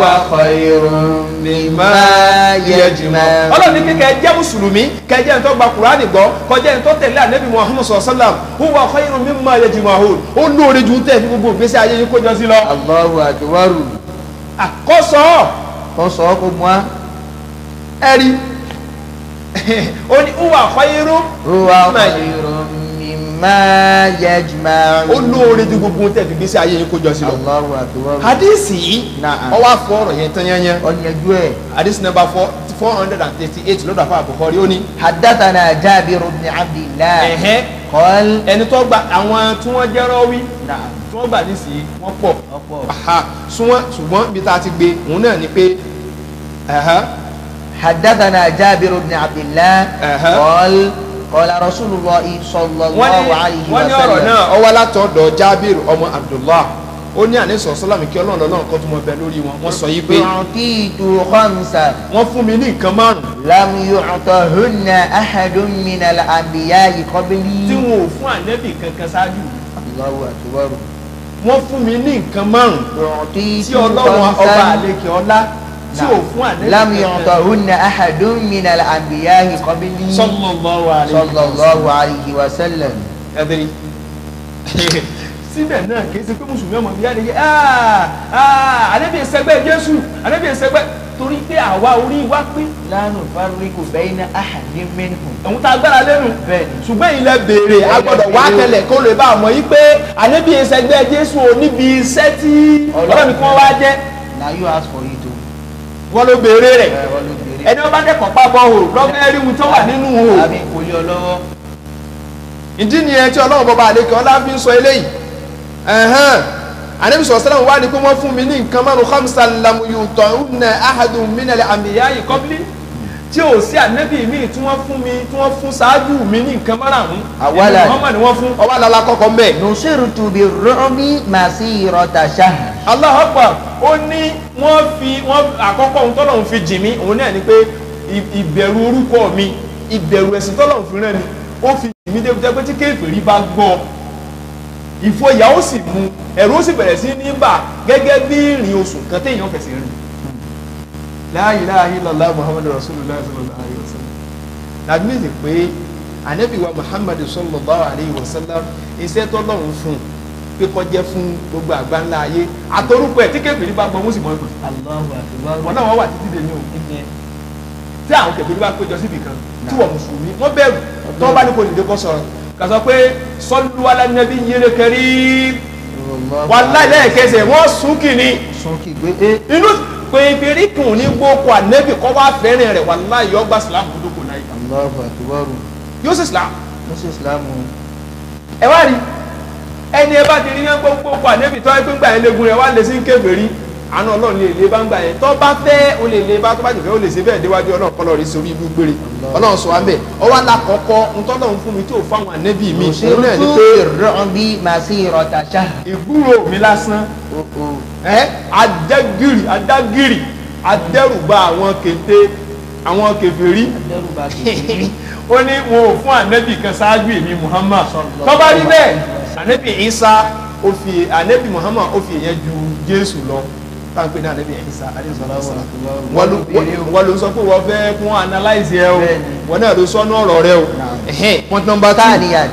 wà khayrun mimma yajma. ọlọ́run ní kíkẹ́ jẹ́ mùsùlùmí kẹ́ ní tó gba kuraani gbọ́ kó ní tó tẹ̀lé ànábì muhammad sallam wà khayrun mimma yajma'un ó lóore ju tẹ̀ fi gbogbo ìgbésí ayé yín kó jọ sí lọ. Allahu akbar àkọsọ ah, kọsọ kò mú a ẹrí [laughs] ó ní uwa khairu uwa khairu mimma yajma'un. ó lóore ju gbogbo tẹ̀ fi gbèsè ayé yín kó jọ sí lọ. Allahu akbar. hadisi yìí ọwọ́ afọ ọ̀rọ̀ yẹn tán yẹn yẹn. ọ̀nyẹ́jú ẹ̀. hadisi number four four hundred and thirty-eight lọ́dọ̀ àfọ Bukhari ó ní. haddathana Jabir ibn Abdillah. ẹ̀hẹ́ kọ́l. ẹni tó gba àwọn tí wọ́n jẹ́rọ wí. naam tí wọ́n gbà nísìnyí wọ́n pọ̀ ṣùgbọ́n ibi tá a ti gbé òun náà ni pé. حدثنا جابر بن عبد الله قال قال رسول الله صلى الله عليه وسلم wọ́n ní ọ̀rọ̀ náà ó wá ọmọ abdullah ó ní àní sọ̀rọ̀ sọ́lámì kí ọlọ́run lọ́lọ́run kó tó mọ bẹ lórí wọn wọ́n sọ yìí pé. yu'titu khamsa. wọ́n fún mi ní nǹkan márùn-ún. lam yu'tahunna ahadun minal anbiya'i qabli. tí wọn ò fún ànẹ́bì kankan ṣáájú. Allahu akbar wọ́n fún mi ní nǹkan márùn-ún tí ọlọ́run ọba àlekè ọlá tí ò fún àlejò kankan. lámì ọ̀tọ̀ hunna ahadun min al-anbiya'i qabli. sallallahu alayhi wa sallam. ẹ̀bẹ̀rẹ̀ [laughs] síbẹ̀ náà kì í ṣe pé mùsùlùmí ọmọ ìyá rẹ̀ yẹ ànábì ẹ̀sẹ̀gbẹ́ jésù ànábì ẹ̀sẹ̀gbẹ́ torí pé àwa orí wa pé lánàá fárígò bẹ́ẹ̀ ní àhàlẹ́ mẹ́nìkùn. òun tá agbára lẹ́nu ṣùgbọ́n yìí lẹ béèrè a wá tẹlẹ̀ kó lè bá a yìí pé ànábì ẹsẹ̀gbẹ́ jésù ò níbi iṣẹ́ tí ọlọ́run kí wọ́n wá jẹ́. na you ask for it o. wọ́n ló béèrè rẹ̀ ẹni wọ́n bá dẹ́kọ̀ pábọ̀ o lọ́gbẹ́rì mu tó wà nínú o. àbí kò yọ lọ́wọ́ anabi sọ̀rọ̀ sẹ́lẹ̀ wá ní pé wọ́n fún mi ní nǹkan márùn khamsa lamu yutọ̀ nà ahadun minal àmìyá yìí kọ́bílì tí ò sí ànábì mi tí wọ́n fún mi tí wọ́n fún ṣáájú mi ní nǹkan márùn-ún àwàlà ọmọ ni wọ́n fún ọwọ́ àlàlà kọ́kọ́ mbẹ́. nùsírù tùbí rọ́ọ̀mì màsí ìrọ̀tà ṣá. Allahu Akbar ó ní wọ́n fi wọ́n àkọ́kọ́ ohun fi jì mí òun náà ni pé ìbẹ̀rù orúkọ mi ìbẹ̀rù ẹ̀sìn tọ́lọ́run fi rán mi ó fi jì mí dé pé tí kéèpì rí bá gbọ́ ìfòyà ó sì mu ẹ̀rù ó sì bẹ̀rẹ̀ sí ní bà gẹ́gẹ́ bí ìrìn oṣù kan téèyàn fẹsẹ̀ rìn. la ilaha illallah muhammadu rasulullah sallallahu alayhi wa sallam that means pé anabiwa muhammadu sallallahu alayhi wa sallam iṣẹ́ tọ́lọ́run fún un pé kọjẹ fún gbogbo àgbà ńlá ayé àtọrúkọ ẹ tí kèfèrí bá gbọ́ wọn sì mọ ẹgbẹ. wọn náà wọn wà títí dèmi o tí àwọn kèfèrí bá péjọ síbi kan tí wọn mùsùlùmí wọn bẹ̀rù tí kàtọ́ pé sallu ala nabiyil karim wallahi lẹ́ẹ̀kẹsẹ̀ wọ́n sún kìíní eh. inú pèpèrè kùn ní gbókò ànẹ́bì kọ́ wá fẹ́ràn rẹ̀ wallahi yọ gba islam dúkù náà yóò sì islam ẹ wá rí ẹni ẹ bá ti rí yẹn gbókò ànẹ́bì tọ́ ẹgbẹ́ ńgbà ẹlẹ́gùn rẹ̀ wá lè sí kébèrè àánú ọlọ́run lè lè bá ń gbà yẹn tó bá fẹ́ o lè lè bá tó bá jùlọ o lè ṣe bẹ́ẹ̀ déwájú ọlọ́run kọ́ lọ rí sórí ibú gbére ọlọ́run sọ wá ń bẹ̀ ọ wá la kọ́kọ́ ntọ́lọ́run fún mi tí ò fáwọn ànẹ́bí mi. òṣèlú ìrọ̀rùn bí màá sí ìrọ̀tà ṣá. ìgbúrò mi lásán ẹ adágìrì adágìrì adẹ́rùbà àwọn kété àwọn kèfèrí ó ní wọn ò fún ànẹ́bí kan ṣáájú èmi Muhammad tó bá rí Isa ó Muhammad ó fi ìyẹn ju Jésù lọ tá n pè ní ànábì Ìsá wọ́n ló sọ pé wọ́n fẹ́ kún analyze ẹ o wọ́n náà ló sọ́nú ọ̀rọ̀ rẹ o point number two. káàníyàn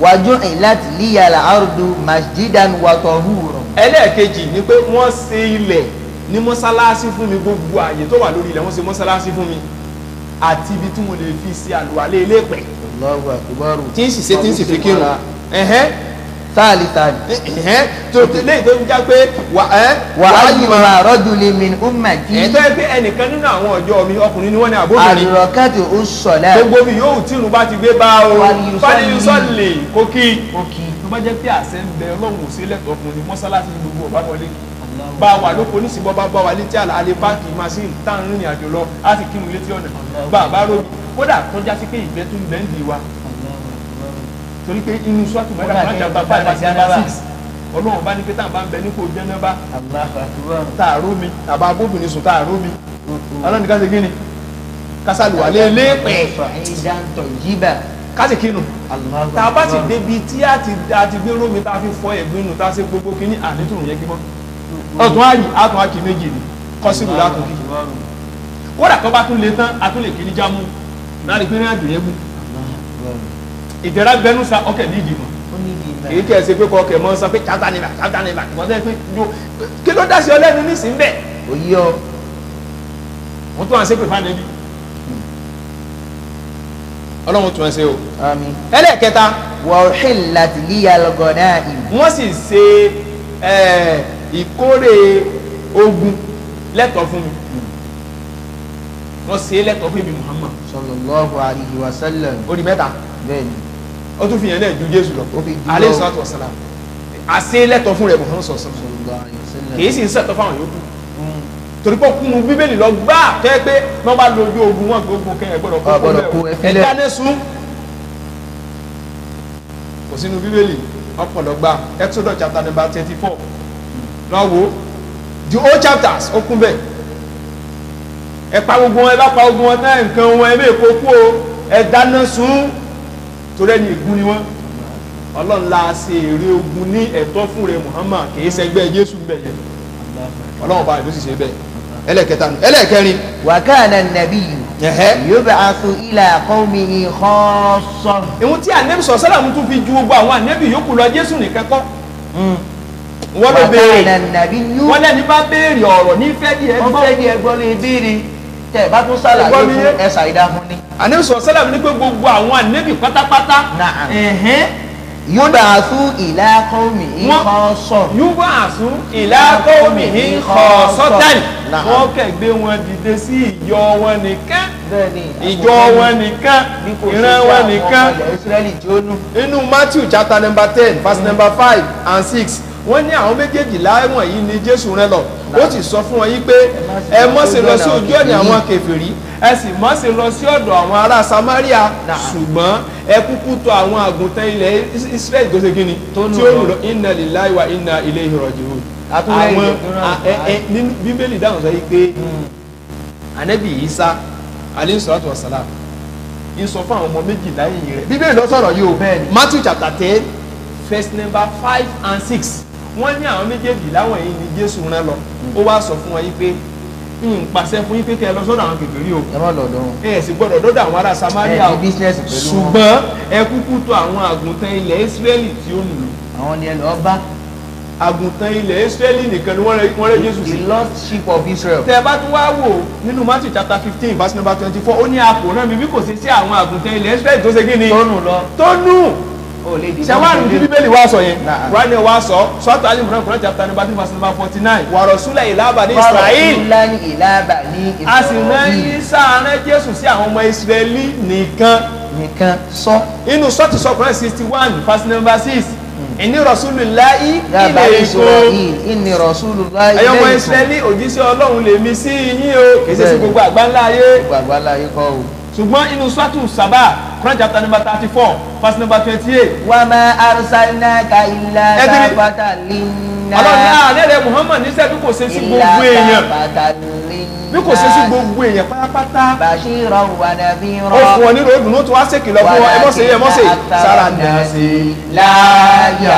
wájú ìlàt líyàlá àrùdù masjidan wàtọ̀húrọ̀. ẹlẹ́ẹ̀kejì ni pé wọ́n ṣe ilẹ̀ ní mọ́sálásí fún mi gbogbo àyè tó wà lórí ilẹ̀ wọ́n ṣe mọ́sálásí fún mi àti ibi tí mo lè fi ṣe àlùwalé ilé pẹ̀. Allahu akbar sáàlìsà ẹ̀hẹ́n eh, eh, eh, tó lè tó ń já pé wà á yìí máa rọ́dùn lè mi ó mà jí. ẹ̀ tó yẹ pé ẹnìkan nínú àwọn ọjọ́ mi ọkùnrin ni wọ́n ní àbóbìnrin. àrùrọ̀kàtì ó sọ̀lá. gbogbo mi yóò tìrù bá ti gbé bá o fàdíyùsọ̀lì kókì. kókì tó bá jẹ́ pé àṣẹ ń bẹ ọlọ́run ò sí lẹ́tọ̀ọ́ fún mi mọ́sálásí gbogbo ọ̀bá wọlé bá a wà lóko nísìbọ́ bá bá wa létí àlà alẹ́ páàkì machine tá à ń rìnrìn àjò lọ á sì kírun létí ọ̀nà bá a bá ròbí kódà tó já sí pé ìgbẹ́ tó ń bẹ́ẹ̀ ń di wa torí pé inú sọ́ọ̀tù mọ́tà kan jàmbá five àti jàmbá six ọlọ́run bá ní pé tá à bá ń bẹ nípò jẹ́nẹ́bá tá a rómi àbá abóbìnrin sùn tá a rómi ọlọ́run ká ṣe kí ni kásálùwà lélẹ́ pẹ̀ kásì kínu tá a bá ti débi tí a ti gbé rómi tá a fi fọ ẹ̀gbin nù tá a ṣe gbogbo kíní ànítùrù yẹ kí mọ́ ọ̀tún àyè àtún àkì méjì ni kọ́sìlù látòkì kódà tó bá tún lè tán a tún lè kiri jámù náà ní pé ní àjòyẹ́ mú ìdẹ̀ra gbẹnu sa ọkẹ̀ ní ìdìbò kì í kẹ́ ẹ ṣe pé kọkẹ̀ mọ́ sọ pé chata ni bàtà chata ni bàtà bọ́tẹ́ pé jo kí ló dá sí ọ lẹ́nu nísìnyí bẹ́ẹ̀ òyì ọ wọ́n tún wá ṣépè fún ànẹ́bí ọlọ́run tún ẹ ṣe o. àmín. ẹlẹ́ẹ̀kẹta. wọ́ọ̀hìn láti líya lọ́gọ́dá ìlú. wọ́n sì ṣe ìkórè ogun lẹ́tọ̀ọ́ fún mi wọ́n ṣe lẹ́tọ̀ọ́ fún mi Muhammad. sallallahu alaihi wa sallam. ó mẹ́ta. bẹ́ẹ̀ ni ó tún fi yẹn lẹ́ẹ̀ ju jésù lọ alẹ́ sọ́tò ọ̀sán àṣẹ lẹ́tọ̀ fún rẹ̀ mọ̀hán sọ̀sán kì í sì ń sẹ̀tọ̀ fáwọn yòókù hmm. torí pé kúnnú bíbélì lọ gbá tẹ́ pé wọ́n bá lójú ogun wọn gbogbo kẹ́hìn gbọ́dọ̀ kó bẹ́ẹ̀ ẹ̀dá nẹ́sùn kò sínú bíbélì ọ̀pọ̀lọgba exodus chapter number thirty four lọ wo the old chapters ó kún bẹ́ẹ̀ ẹ pa gbogbo wọn ẹ bá pa gbogbo wọn náà nǹkan wọn ẹ bẹ́ẹ̀ kó kú o ẹ dáná sun torí ẹni ìgún ni wọ́n ọlọ́run la ṣe èrè ogun ní ẹ̀tọ́ fún rẹ Muhammad kì í ṣẹgbẹ́ Jésù bẹ́ẹ̀ yẹn ọlọ́run bá rẹ ló sì ṣe bẹ́ẹ̀ ẹlẹ́kẹta nù ẹlẹ́kẹrin. wa kana an-nabiyyu yub'athu ila qawmihi khassan. ìhun tí ànẹ́bí sọ sálàmù tún fi ju gbogbo àwọn ànẹ́bí yòókù lọ Jésù nìkan kọ́ hmm. wọ́n ló béèrè wọ́n lẹ́ni bá béèrè ọ̀rọ̀ nífẹ̀ẹ́ di ẹgbọ́ tẹ ẹ bá tún ṣàlàyé fún ẹ ṣàìdá fún ni. àní sọ sálàmù ní pé gbogbo àwọn ànẹ́bì pátápátá. yóò bá a sún ìlà kọ́ọ̀mì ìkọ́ sọ. yóò bá a sún ìlà kọ́ọ̀mì ìkọ́ sọ́tàn. wọ́n kẹ̀ gbé wọn dìde sí ìjọ wọn nìkan. ìjọ wọn nìkan ìran wọn nìkan. inú Matthew chapter number ten verse number five and six wọ́n ní àwọn méjèèjì láwọn yìí ni jésù rán lọ ó sì sọ fún wọn yìí pé ẹ má ṣe lọ sí ojú ọ̀nà àwọn kèfèrí ẹ sì má ṣe lọ sí ọ̀dọ̀ àwọn ará samaria ṣùgbọ́n ẹ kúkú tọ àwọn àgùntàn ilẹ̀ israẹli tó ṣe kí ni tí ó rù lọ inna lillahi wa inna ilayhi raji'un àwọn bíbélì dáhùn sọ yìí pé anabi hmm. isa alayhi salatu wa salam ń sọ fún àwọn ọmọ méjìlá yìí rẹ bíbélì ló sọ̀rọ̀ yìí o Matthew chapter ten verse number five and six wọ́n ní àwọn méjèèjì láwọn èyí ni jésù rán lọ ó wá sọ fún wọn yìí pé n pàṣẹ fún yín pé kẹ́ ẹ lọ sọ́dọ̀ àwọn kékeré o ẹ má lọ́dọ̀ wọn ẹ sì gbọ́dọ̀ lọ́dọ̀ àwọn ará samaria o ṣùgbọ́n ẹ kúkú tọ̀ àwọn àgùntàn ilẹ̀ israẹli tí ó nù. àwọn ni ẹ lọ bá. àgùntàn ilẹ̀ israẹli nìkan ni wọ́n rẹ jésù sí. the lost sheep of israel. tẹ bá tún wá wò nínú matthew chapter fifteen verse number twenty four ó ní àpò náà mi bí kò sí sí àwọn àgùntàn ilẹ̀ israẹli tó ṣe kí ni. tó nù lọ. tó sẹwàánu bí bíbélì wá sọ yẹn kurani wá sọ sọtọ ayé kuran kuran chapter number three verse number forty nine wàrọ sulẹ ìlàbà ní israel a sì rán isa rán jésù sí àwọn ọmọ israẹli nìkan nìkan sọ inú sọtù sọ kuran sixty one verse number six ìní rọ̀súlùláì ilé èkó ìní rọ̀súlùláì ilé èkó ẹ̀yọ́ ọmọ ìsírẹ́lì òjíṣẹ́ ọlọ́run lè mi sí yín o kì í ṣe sí gbogbo àgbáńlá ayé ṣùgbọ́n inú sọ́tù sábà Quran chapter number thirty four verse number twenty eight. wà á máa arúsáná ka ilá káfàtà lìnà. ọlọ́run náà àlẹ́ rẹ̀ Muhammad níṣẹ́ bí kò ṣe sí gbogbo èèyàn bí kò ṣe sí gbogbo èèyàn pátápátá. bàṣírọ wà nàbí rọ. ó fún ọ ní ròdù ní tún wá ṣèkìlọ̀ fún ọ ẹ mọ̀ṣe ẹ mọ̀ṣe sára nàṣe láàyà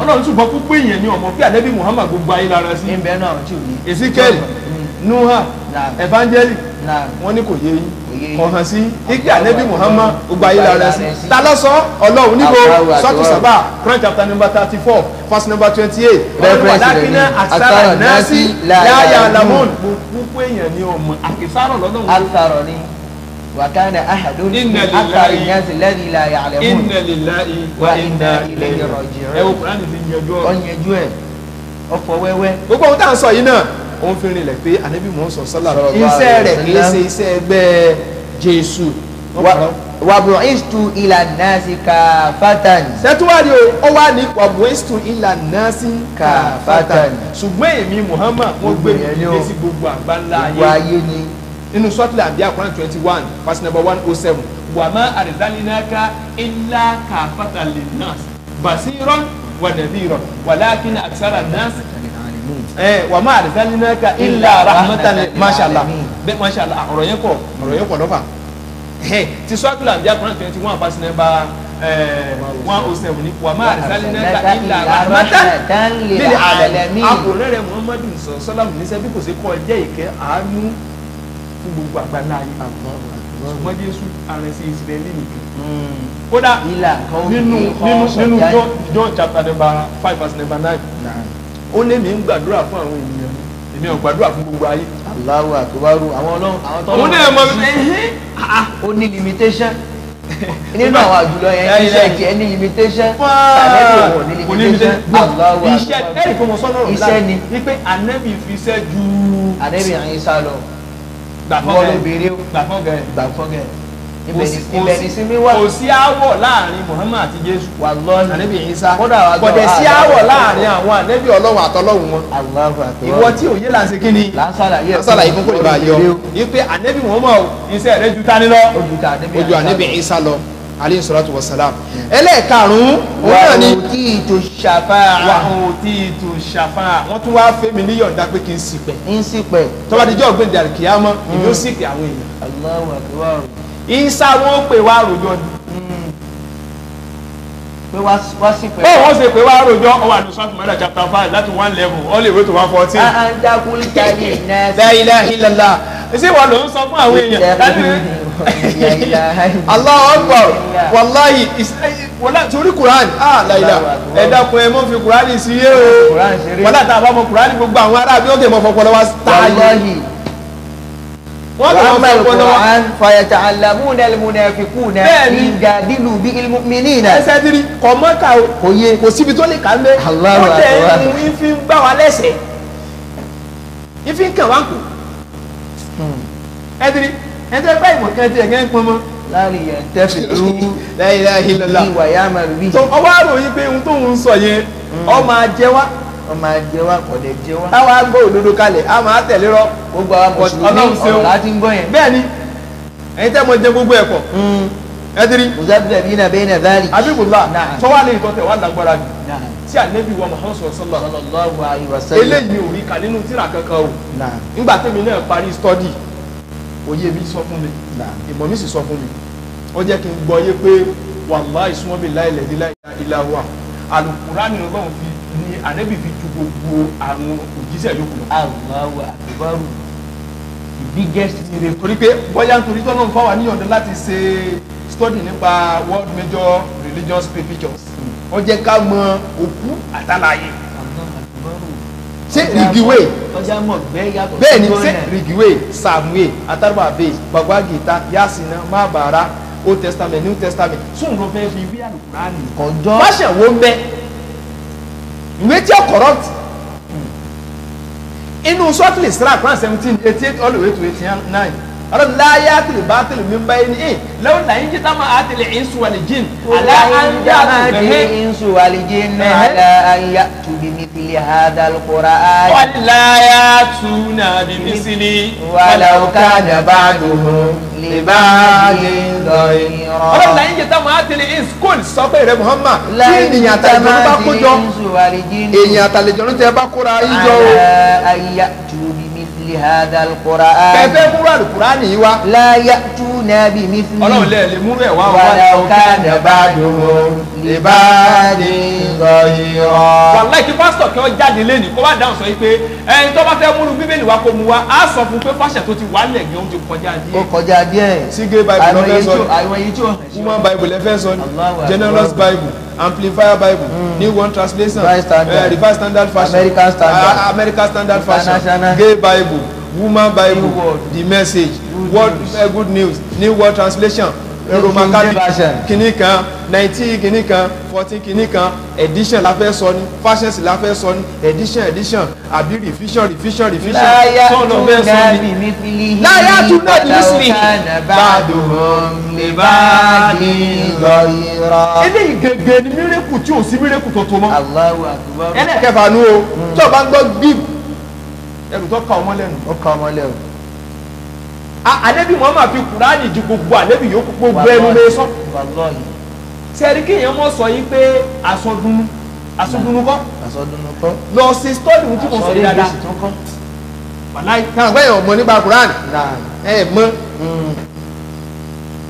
ọlọ́run túbọ̀ púpọ̀ èèyàn ni ọmọ bí Muhammad gbogbo ayé lára sí. ẹ bẹ́ẹ̀ náà ti wù. èsì nuha evangeli wọ́n ní kò yé yín kò hàn sí igi anabi muhammad gbogbo ayé la rẹ sí ta ló sọ ọlọ́run níbo sọ́tù sábà Quran chapter number thirty four first number twenty eight ọlọ́wàlákínà àtàrà nẹ́ẹ̀sì láyà lamọ́n gbogbo èèyàn ni ọmọ àkìsárọ̀ lọ́dọ̀ wọn. àtàrọ̀ ni wàkàna ahadun ní àtàrà nẹ́ẹ̀sì lẹ́yìn ilà yà lẹ́mọ́n inna lillahi wa inna ilayhi raji'un. ẹ ti yanjú ẹ ọfọ gbogbo ohun tá à ń sọ yìí náà ó ń fi rinlẹ̀ pé ànábì mò ń sọ sọ́là iṣẹ́ rẹ̀ kì í ṣe iṣẹ́ ẹgbẹ́ jésù. wàbùrọ̀ ìṣtù ìlà nàásì kà fátàn. sẹ́túwárì o ó wà ní wàbùrọ̀ ìṣtù ìlà nàásì kà fátàn. ṣùgbọ́n èmi Muhammad mo gbé mi ìgbé sí gbogbo àgbáńlá ayé nínú sọ́tìlẹ̀ àbí àkùnrin twenty one verse number one oh seven wàmà àrìdánilẹ́ka ńlá kà fátàn lè nàásì bàṣírọ̀ wàdàbírọ̀ wàlákìn àkṣàrà nàásì Eh, wà má arsalnaka illa rahmatan masha Allah bẹ́ẹ̀ masha Allah ọ̀rọ̀ yẹn pọ̀ ọ̀rọ̀ yẹn pọ̀ lọ́fà ti sọ́kìlà àbíyá kọ́nà twenty one pass number eh, one oh seven ni wà má arsalnaka illa rahmatan lil alamin àbúrẹ́ rẹ̀ muhammadu sọ́lámù níṣẹ́ bí kò sí kọ́ jẹ́ ìkẹ́ àánú fún gbogbo àgbàlá yìí ṣùgbọ́n jésù arẹsí ìsirẹ́lì nìkan hmm. kódà nínú nínú John chapter number five verse number nine ó lé mi ń gbàdúrà fún àwọn ènìyàn èmi ò gbàdúrà fún gbogbo ayé. Allahu àtúbárù àwọn ọlọ́run àwọn tọ́lọ́. òun náà mọ ẹhín. ó ní limitation [laughs] nínú àwọn àjùlọ yẹn iṣẹ́ kì í ní limitation ànẹ́bí òun ní limitation Allahu àtúbárù iṣẹ́ ni wípé ànẹ́bí fi iṣẹ́ ju ànẹ́bí àyínsá lọ gbàfọ́gẹ̀ gbàfọ́gẹ̀ gbàfọ́gẹ̀ kò sí àwọ̀ láàrin Muhammad àti Jésù wàlọ́ọ̀nì ànábì Ìsá kò dẹ̀ sí àwọ̀ láàrin àwọn ànábì ọlọ́run àtọlọ́run wọn ìwọ tí òye là ń ṣe kí ni lásàlàyé fún kò lè bá yọ ipe ànábì Muhammad iṣẹ́ rẹ̀ ju tani lọ ojú ànábì Ìsá lọ aleyhi salatu wa salam ẹlẹ́ẹ̀karùn-ún òun náà ni. wàhùn tí ìtò ṣàfà. wàhùn tí ìtò ṣàfà. wọ́n tún wáá fẹ́ mi níyọ̀ǹda pé kí n sì pẹ̀. n sì pẹ̀. tọ́ba díjọ́ ọ̀gbìn dàrí kìá mọ́ ìlú sì kí àwọn èèyàn. aláwọ̀ àbúrò àrùn isa wọn pè wá àròjọ ni. pé wá sí pé. báwo wọ́n ṣe pé wá àròjọ ọwọ́ àdùnsọ́ọ̀tù mẹ́ta chapter five láti one level all the way to one fourteen. a ń dákúlù jáde náà. la ilaha illallah ṣé wọn ló ń sọ fún àwọn èèyàn. Allahu Akbar wàláyé eh, wọlá torí kuran ah laila ẹ dákun ẹ mọ fi kurani sí yé o wọlá tá a bá mọ kurani gbogbo àwọn aráàbí ó kè mọ fọpọlọ wa táyé. واما القران فيتعلمون المنافقون يجادلوا به المؤمنين. ẹsẹ̀ diri kò mọ́ ká o kò yé kò síbi tó lè kà ń bẹ́ o tẹ̀ ń ifi gbá wa lẹ́sẹ̀ ifi ń kàn wá kù hmm. ẹ diri ẹ tẹ́ bá ìmọ̀ kan tiẹ̀ kẹ́ ń pọn mọ́ láàrin yẹn tẹ́fì lóhùn láyé láyé lọ́la ìwà yà máa rí. ọwọ́ àròyìn pé ohun tóun sọ yẹn hmm. ọ máa jẹ wá wọ́n máa jẹ wá kọ̀dẹ̀ jẹ wá. táwa gbọ́ òdodo kalẹ̀ a máa tẹ̀lé rọ gbogbo àwọn mùsùlùmí ọ̀rọ̀ láti ń gbọ́ yẹn. bẹ́ẹ̀ ni ẹ̀yin tẹ́ mọ jẹ gbogbo ẹ̀ pọ̀. Hmm. ẹ ti rí. muzabila bina bẹ́ẹ̀ na dáàrí. abibula sọ́wọ́ alẹ́ ìtọ́tẹ̀ wà lágbára jù. tí anabi wa muhammadu sallallahu alayhi wa sallam. eléyìí ò rí kà nínú tíra kankan o. nígbà tèmi náà parí stọ́dì òye mi sọ fún mi ìmọ̀ mi sì sọ fún mi ó jẹ́ kí n gbọ́ yé pé wàlláhì ìsúnmọ́bí láìlẹ̀ dí láìlá ìlà wa alukurani ọlọ́run fi ni ànábì fi ju gbogbo àwọn òjíṣẹ́ yòókù lọ. àwàwà ìbárò the biggest miracle. torí pé bóyá nítorí tọ́lọ́ ń fáwọn níyànjú láti ṣe study nípa world major religious pictures wọ́n jẹ́ ká mọ òkú àtàlàyé ṣé rigiwe bẹ́ẹ̀ ni ṣé rigiwe samuel atarubabe bagwagita yasina mabara old testament new testament sóun ló fẹ́ fi wí àlùkò ránì. kọjọ́ máṣẹ̀ wo ń bẹ́ẹ̀ ìwé tí ó corrupt inú sọ́tìlì sra Quran seventeen eighty eight all the way to eighty nine ọlọ́run láyé àtìlù bá tìlù mi bá yín ní lẹ́wọ̀n náà yín jítá máa àtìlù ìṣù wàlì jìn àlá àyà tùbí ìṣù wàlì jìn náà ya àyà tùbí mi tìlì hàdà lùkùrà áyà. wàlá yà tù náà bí mi sì ni. wàlá òkà dàbà dùnú lèbá lè lọ ìrọ. ọlọ́run náà yín jítá máa àtìlù ìṣù kòl sọ pé rẹ Muhammad kí ènìyàn àtàlejò ló bá kó jọ ènìyàn àtàlejò ló tẹ bá kóra yín jọ o. àlá àyà tùbí misli hadha al-Qur'an. kẹfẹ́ múrò alukur'an yìí wá. la ya'tuna bi misli. ọlọ́run lẹ́ẹ̀ lè múrò ẹ̀ wá wá. ọ̀kadà bá dòwò ìbáàdì ìrọ̀. wàláì kí pásítọ̀ kí wọ́n jáde lẹ́nu kó bá dáhùn sọ pé ẹni tó bá fẹ́ múlu bíbélì wa kó mu wa á sọ fún pé fàṣẹ tó ti wà lẹ̀ gan oúnjẹ kọjá díẹ̀. ó kọjá díẹ̀. sígé bible lọ fẹ́ sọ ni woman bible lẹ sọ ni generous bible amplifier bible mm. new one translation uh, revised standard version american standard, uh, american standard version gay bible woman bible the message world uh, good news new world translation romancati kìíní kan nineteen kìíní kan fourteen kìíní kan edition la fẹ́ sọ ni fashions la fẹ́ sọ ni edition edition àbí revision revision revision tọ́nà fẹ́ sọ ni. láyà tún náà ní mísìlì. eléyìí gègé ni mírèkù tí ò sí mírèkù tó tó mọ́. ẹlẹ́kẹ̀fà nu o hmm. tó o bá ń gbọ́ gbíb ẹrù tó ka ọmọ lẹ́nu. ó ka ọmọ lẹ́nu anabi muhammad fi kuraani ju gbogbo anabi yòókù gbogbo ẹnu lè sọ sẹ́ẹ̀rí kéèyàn mọ̀ sọ yín pé asọdunu asọdunu kọ́ lọ sí stọ́ọ̀dù tí mo sọ yín dáadáa wàláì náà bẹ́ẹ̀ ọmọ nípa kuraani ẹ mọ hmm.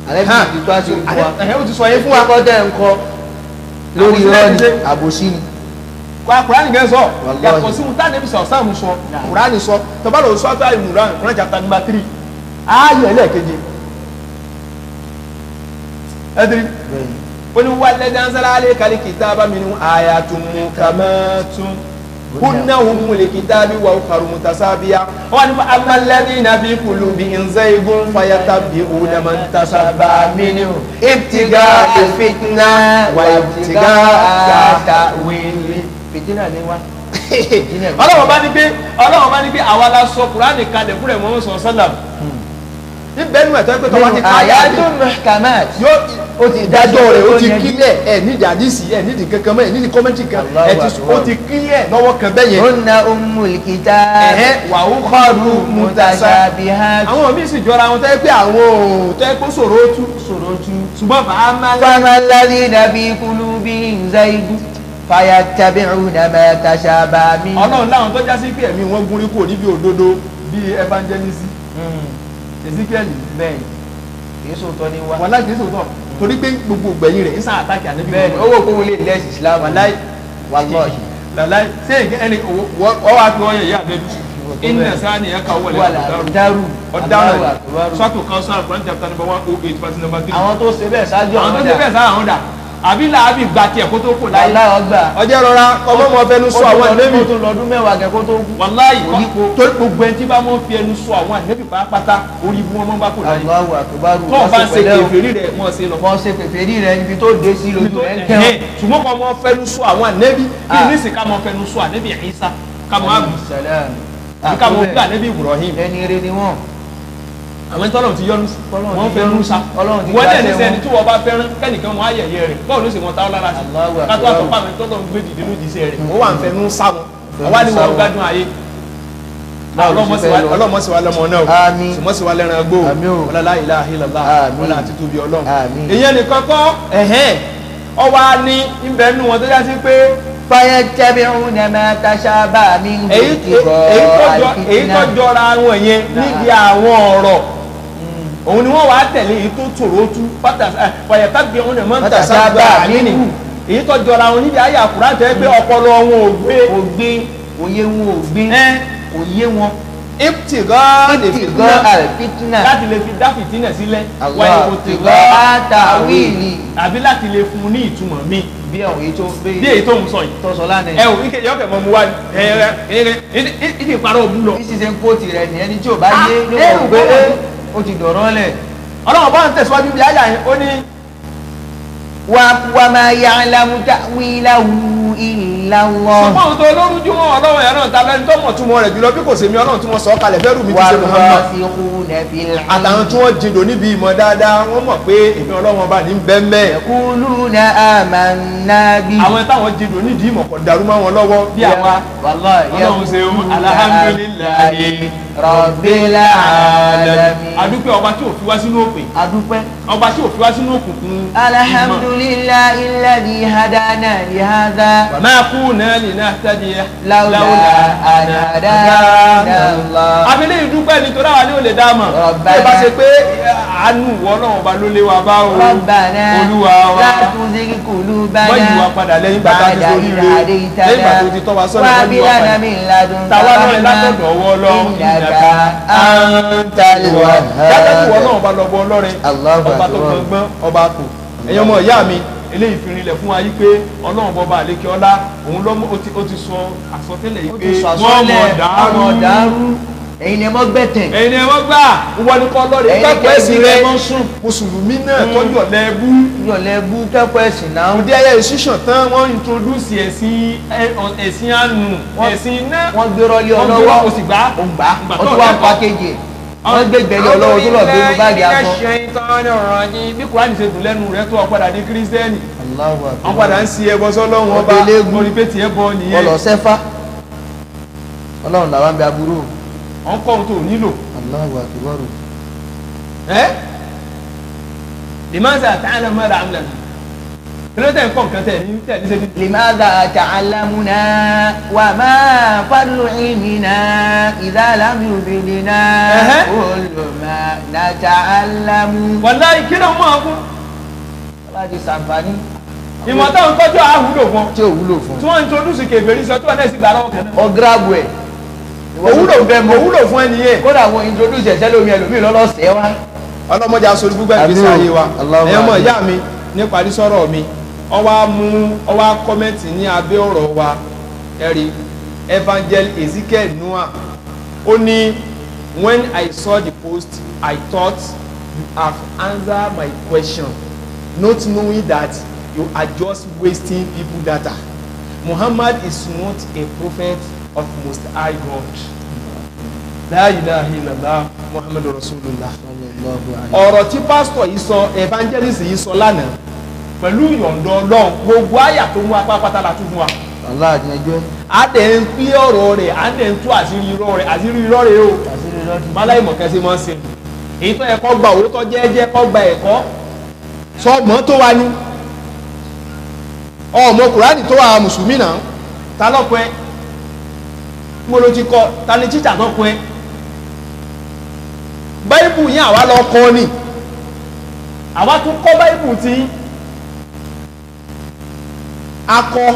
àlẹ́ ti sọ yín fún wa kọ́ dẹ́ ńkọ́ lórí irọ́ ni àbòsí ni kurani gẹ sọ yàtọ̀ sí wọn tá a nẹ́bi sọ sáàmù sọ kurani sọ tọ́ba lọ sọ́tà ìmúra kúrẹ́ chapter number three ààyè ẹlẹ́ẹ̀keje ẹdiri ó ní wàlẹ̀ dansara alẹ́ kàlí kìtàbà mi nù àyà tún mú kàmẹ́tún kunna humu likitabi wa ukaru mutasabiya wani fa amma alladhina fi qulubihim zaygun fayatabi'una man tashabba minhu ibtiga fitna wa ibtiga ta'wili fitna ni wa [laughs] ọlọ́wọ́ bá ní pé ọlọ́wọ́ bá ní pé àwa la sọ kúránì kalẹ̀ fúnra ẹ̀ mọ́ sọ sálàm níbẹ̀nu ẹ̀tọ́ pé tọ́wọ́ ti káyà ní o ti dájọ́ rẹ̀ o ti kílẹ̀ ẹ̀ nídìí àdìsí ẹ̀ nídìí kankan mọ́ ẹ̀ nídìí kọ́mẹ́ntì kan ẹ̀ ti o ti kílẹ̀ lọ́wọ́ kan bẹ́ẹ̀ yẹn. ó na ummul kitab ẹ̀hẹ́ wà ó kọ́ọ̀lù mutashabihat. àwọn míì sì jọra wọn tẹ́ pé àwọn ò tẹ́ kó sòrò tú sòrò tú ṣùgbọ́n fàmálàdì nàbí kulubihim zaygun fayattabi'una ma tashabaha min. ọlọ́run láwọn tó já sí pé ẹ̀mí wọn gúnrí kò níbi òdodo bíi evangelism hmm. Ezekiel bẹ́ẹ̀ kì í sòótọ́ ní wa wàláì kì í sòótọ́ torí pé gbogbo gbẹ̀yìn rẹ̀ ìsàn àtàkì ànábì bẹ́ẹ̀ owó kówó lè lẹ́ ìsìlá wàláì wàláì wàláì ṣé ẹni wọ́n wá fi ọyàn yá àbẹ́bí inna sani ya kawo wale daru ọdaràn sọtò kan sọ àkùrán chapter number one oh eight verse number three. àwọn tó ṣe bẹ́ẹ̀ ṣáájú àwọn dà àwọn tó ṣe bẹ́ẹ̀ ṣáájú àwọn dà àbí làábì gba tiẹ̀ kó tó kù láyé. wàláyé ọgbà. ọjọ́ rọra ọmọ mọ fẹnu sọ àwọn ànẹ́bì. ó lọ́dún mẹ́wàá kẹ́ kó tó kù. wàláyé torí gbogbo ẹni tí bá mọ fi ẹnu sọ àwọn ànẹ́bì pátá orí ibú ọmọ bá kù láyé. Allahu akbar tó bá ń ṣe kèfèrí rẹ̀ mọ̀ sí lọ. mọ̀ ṣe kèfèrí rẹ̀ ibi tó dé sí lójú ẹ̀ ń tẹ̀. ṣùgbọ́n kọ́ mọ fẹnu sọ àwọn ànẹ́bì kí ah. ní sì ká mọ fẹnu sọ ànẹ́bì Ìsá àwọn tọ́lọ̀ ti yọnu wọ́n fẹ́ rúṣà wọ́n dẹ̀ ní sẹ́ni tí wọ́n bá fẹ́ràn kẹ́nìkan wọn á yẹ̀yẹ́ rẹ̀ báwo ló sì wọ́n táwọn lára sí kátó àtọ́pá àwọn tọ́lọ̀ ń gbé dìde lójì iṣẹ́ rẹ̀. ó wà ń fẹnu sáwọn àwa ni wọn gbádùn ayé ọlọ́mọ lọ́mọ náà sùmọ́ lẹ́ran gbó ọlọ́lá ilaha illallah ọlọ́lá àti tóbi ọlọ́run ìyẹn nìkan kọ́ ọwọ́ á ní ibẹ̀ nù wọn tó yá sí èyí tó jọra àwọn yẹn níbi àwọn ọ̀rọ̀ òun ni wọ́n wàá tẹ̀lé èyí tó tòrò tú pàyẹ̀tà gbé wọn mọ́ tàdábà nínú èyí tó jọra wọn níbi àyà àkùrá tẹ́ pé ọpọlọ wọn ò gbé ò gbé òye wọn ò gbé òye wọn. ìtìgọ́ ìtìgọ́ àlìfitínà láti lè fi dá fìtínà sílẹ̀ wà ìtìgọ́ àtàwìlì àbí láti lè fún un ní ìtumọ̀ mi bí àwọn èyí tó bí èyí tó ń sọ yìí tó sọ lánàá yìí. ẹ o ike yọkẹ mọ mu wa ni ẹ ẹ ẹ ẹ ẹ ẹ ìdí ìparọ òun lọ. ìṣiṣẹ́ ń kó tirẹ̀ nìyẹn ni tí o bá yé ló mọ̀ pé ó ti dọ̀rọ̀ lẹ̀ ọlọ́run bá ń tẹ̀síwájú bí ayà yẹn ó ní. wà má ya'lamu ta'wilahu illa Allah. ṣùgbọ́n tó lórúkú wọn ọlọ́run yẹn náà tàbí ẹni tó mọ̀ túmọ̀ rẹ̀ jùlọ bí kò sèmi ọlọ́run tí wọ́n sọ kalẹ̀ fẹ́rù mi ti ṣe Muhammad. àtàwọn tí wọ́n jìndò níbi ìmọ̀ dáadáa wọ́n mọ̀ pé èmi ọlọ́run ọba ní bẹ́ẹ̀mẹ́. kuluna amanna bi. àwọn táwọn jìndò nídìí ìmọ̀ kọ̀ darúmọ́ wọn lọ́wọ́ bí àwa. wàlá yẹ rọ̀bílà àlàmí. adúpẹ́ ọba tí ò fi wá sínú òpè. adúpẹ́. ọba tí ò fi wá sínú òkùnkùn. alhamdulillahi alladhi hadana li hadha. wa ma kunna linahtadiya. lawla an hadana Allah. abilẹ̀ ìdúpẹ́ nítorí àwa ni ò lè dá mọ̀. rọ̀bànà ẹ bá ṣe pé àánú wọ náà ọba ló lé wa bá o. rọ̀bànà olúwa wa. látúnṣe kulubana. wọ́n yìí wá padà lẹ́yìn bàtà tó sórí rẹ̀ lẹ́yìn bàtà tó innaka antal wahhab. dáadáa ìwọ náà ọba lọ́bọ ọlọ́rin ọba tó gbọ́ngbọ́n ọba tó ẹ̀yin ọmọ ìyá mi eléyìí fi rinlẹ̀ fún wa yí pé ọlọ́run bọba àlékè ọlá òun ló ti sọ àsọtẹ́lẹ̀ yí pé wọ́n mọ̀ dàrú ẹ̀yin ni ẹ mọ́ gbẹ̀tẹ̀. ẹ̀yin ni ẹ mọ́ gbà wọ́n ní kọ́ lọ́ọ̀rẹ́ kẹ́kọ̀ọ́ ẹ̀sìn rẹ mùsùlùmí náà mm. tọ́jú ọ̀lẹ́ ẹbú. ọ̀lẹ́ ẹbú kẹ́kọ̀ọ́ ẹ̀sìn náà. òde ayé ìṣísàn tán wọ́n introduce ẹ̀sìn ẹ̀sìn àánú ẹ̀sìn iná. wọ́n gbéró lé ọlọ́wọ́ òsìgbà òǹgbà ọtí wà pàkéjì wọ́n gbé gbẹ̀lẹ́ ọlọ́wọ́ tó lọ bí báàgì akọ. bí kúránì ṣe dùn lẹ́nu rẹ tó ọ padà di kírísítẹ́nì. wọ́n padà ń si ẹbọ sọ́lọ́run ọba orí pé tiẹ̀ bọ nìyẹn. ọlọ́sẹ́fà ọlọ́run làwọn bẹ aburú ọ̀ ń kọ́ ohun tó o nílò. Allahu akbar. ẹ limaza ta'lamuna amúlẹ̀mú tẹ́lẹ̀tẹ̀ ń kọ́ nǹkan tẹ̀ ní tẹ̀ ní sẹ́ni. limaza ta'lamuna wa ma fadlu ilmina idha lam yufidina kullu ma nata'allamu. wàláyé kí ló ń mọ̀ ọ́ fún. wọ́n ti sàǹfààní ìmọ̀ táwọn tọ́jú fún. tí ò wúlò fún. tí wọ́n ń tọ́jú sí kèfèrí sọ tí wọ́n náà sì gbà lọ́wọ́ kan náà òwúlò bẹ mọ òwúlò fún ẹni yẹn. kódà àwọn introduce ẹ̀sẹ̀ lómi ẹlòmíì lọ́lọ́sẹ̀ wa. ọlọ́mọdé aṣojú gbogbo ìgbésí ayé wa ẹ̀yọ́ mọ̀ ìyá mi nípa àdísọ́rọ̀ mi ó wá mú ó ní abẹ́ ọ̀rọ̀ wa ẹ̀rí Evangel Ezekiel Noah ó ní when I saw the post I thought you have answered my question not knowing that you are just wasting people data Muhammad is not a prophet utmost high God. La ilaha illallah Muhammadu Rasulullah. Ọ̀rọ̀ tí pásítọ̀ yìí sọ evangelist yìí sọ lánàá pẹ̀lú ìyọ̀ǹda Ọlọ́run gbogbo àyà tó mú apá pátá la tún fún wa. Aláàjì ẹjọ́. A dẹ̀ ń pín ọ̀rọ̀ rẹ̀, a dẹ̀ ń tú àṣírí irọ́ rẹ̀, àṣírí irọ́ rẹ̀ o. Àṣírí irọ́ rẹ̀. Báláyé mọ̀kẹ́sí máa ń ṣe. Èyí tó yẹ kó gba òótọ́ jẹ́ẹ́jẹ́ kó gba ẹ̀kọ́. Sọ́gbọ́n tó wa ni. Ọmọ Kùránì tó wà mùsùlùmí náà. Ta lọ́pẹ́ mo ló ti kọ ta ni tíṣà tó kọ ẹ báyìbù yín àwa lọ kọ ni àwa tún kọ báyìbù tí a kọ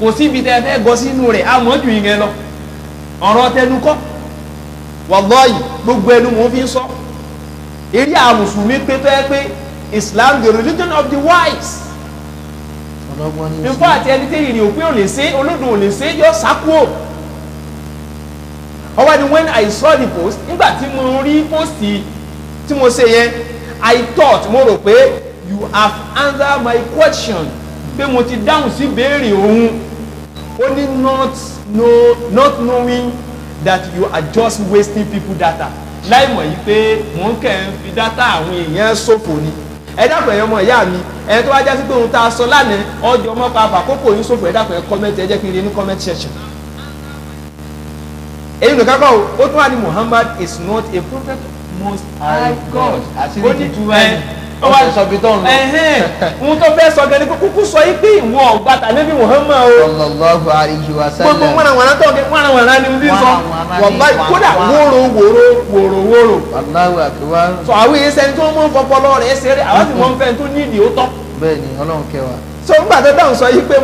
kò síbi tẹ fẹ́ gọ sínú rẹ̀ àmọ́ jù yín yẹn lọ ọ̀rọ̀ tẹnu kọ́ wàlọ́ọ̀yì gbogbo ẹnu mò ń fi sọ eré àmùsùlùmí pé tó yẹ pé Islam the religion of the wise in fact ẹni tẹ́yìn ni òpin ò lè ṣe olódùn ò lè ṣe yọ sákúò ó wá when I saw the post nígbà tí mo rí post tí mo ṣe yẹn I thought mo rò pé you have answered my question pé mo ti dáhùn sí béèrè òun ó ní not know not knowing that you are just wasting people data láì mọ̀ yìí pé mò ń kẹ́ ń fi data àwọn èèyàn ṣòfò ni ẹ dákun ẹ̀yọ́ ọmọ ìyá mi ẹ̀ tó wá jásí pé òun tá a sọ lánàá ọjọ́ ọmọ pàápàá kókò yín ṣòfò ẹ dákun ẹ̀ kọ́mẹ́ntì ẹ jẹ́ kí n rí ní kọ́mẹ́ntì section èyí nìkan kọ́ ó tún wà ní Muhammad is not a prophet most high God àṣírí tuntun ẹ ó wà sọ bí tọ́nu. ohun tó fẹ́ sọ gan ni kúkú sọ yìí pé ìwọ ọ̀gbà tàbí Muhammad o. sallallahu alaihi wa sallam. gbogbo wọn àwọn arántọ́ kẹ wọn àwọn ará ni mo fi sọ wàláyé kódà wóró wóró wóró wóró. Allahu akbar. sọ àwọn èyí sẹni tó ń mú fọpọlọ rẹ ṣeré àwọn sì mọ fẹ́ tó nídìí ó tọ́. bẹ́ẹ̀ni Ọlọ́run kẹwàá. sọ nígbà tó sọ yìí pé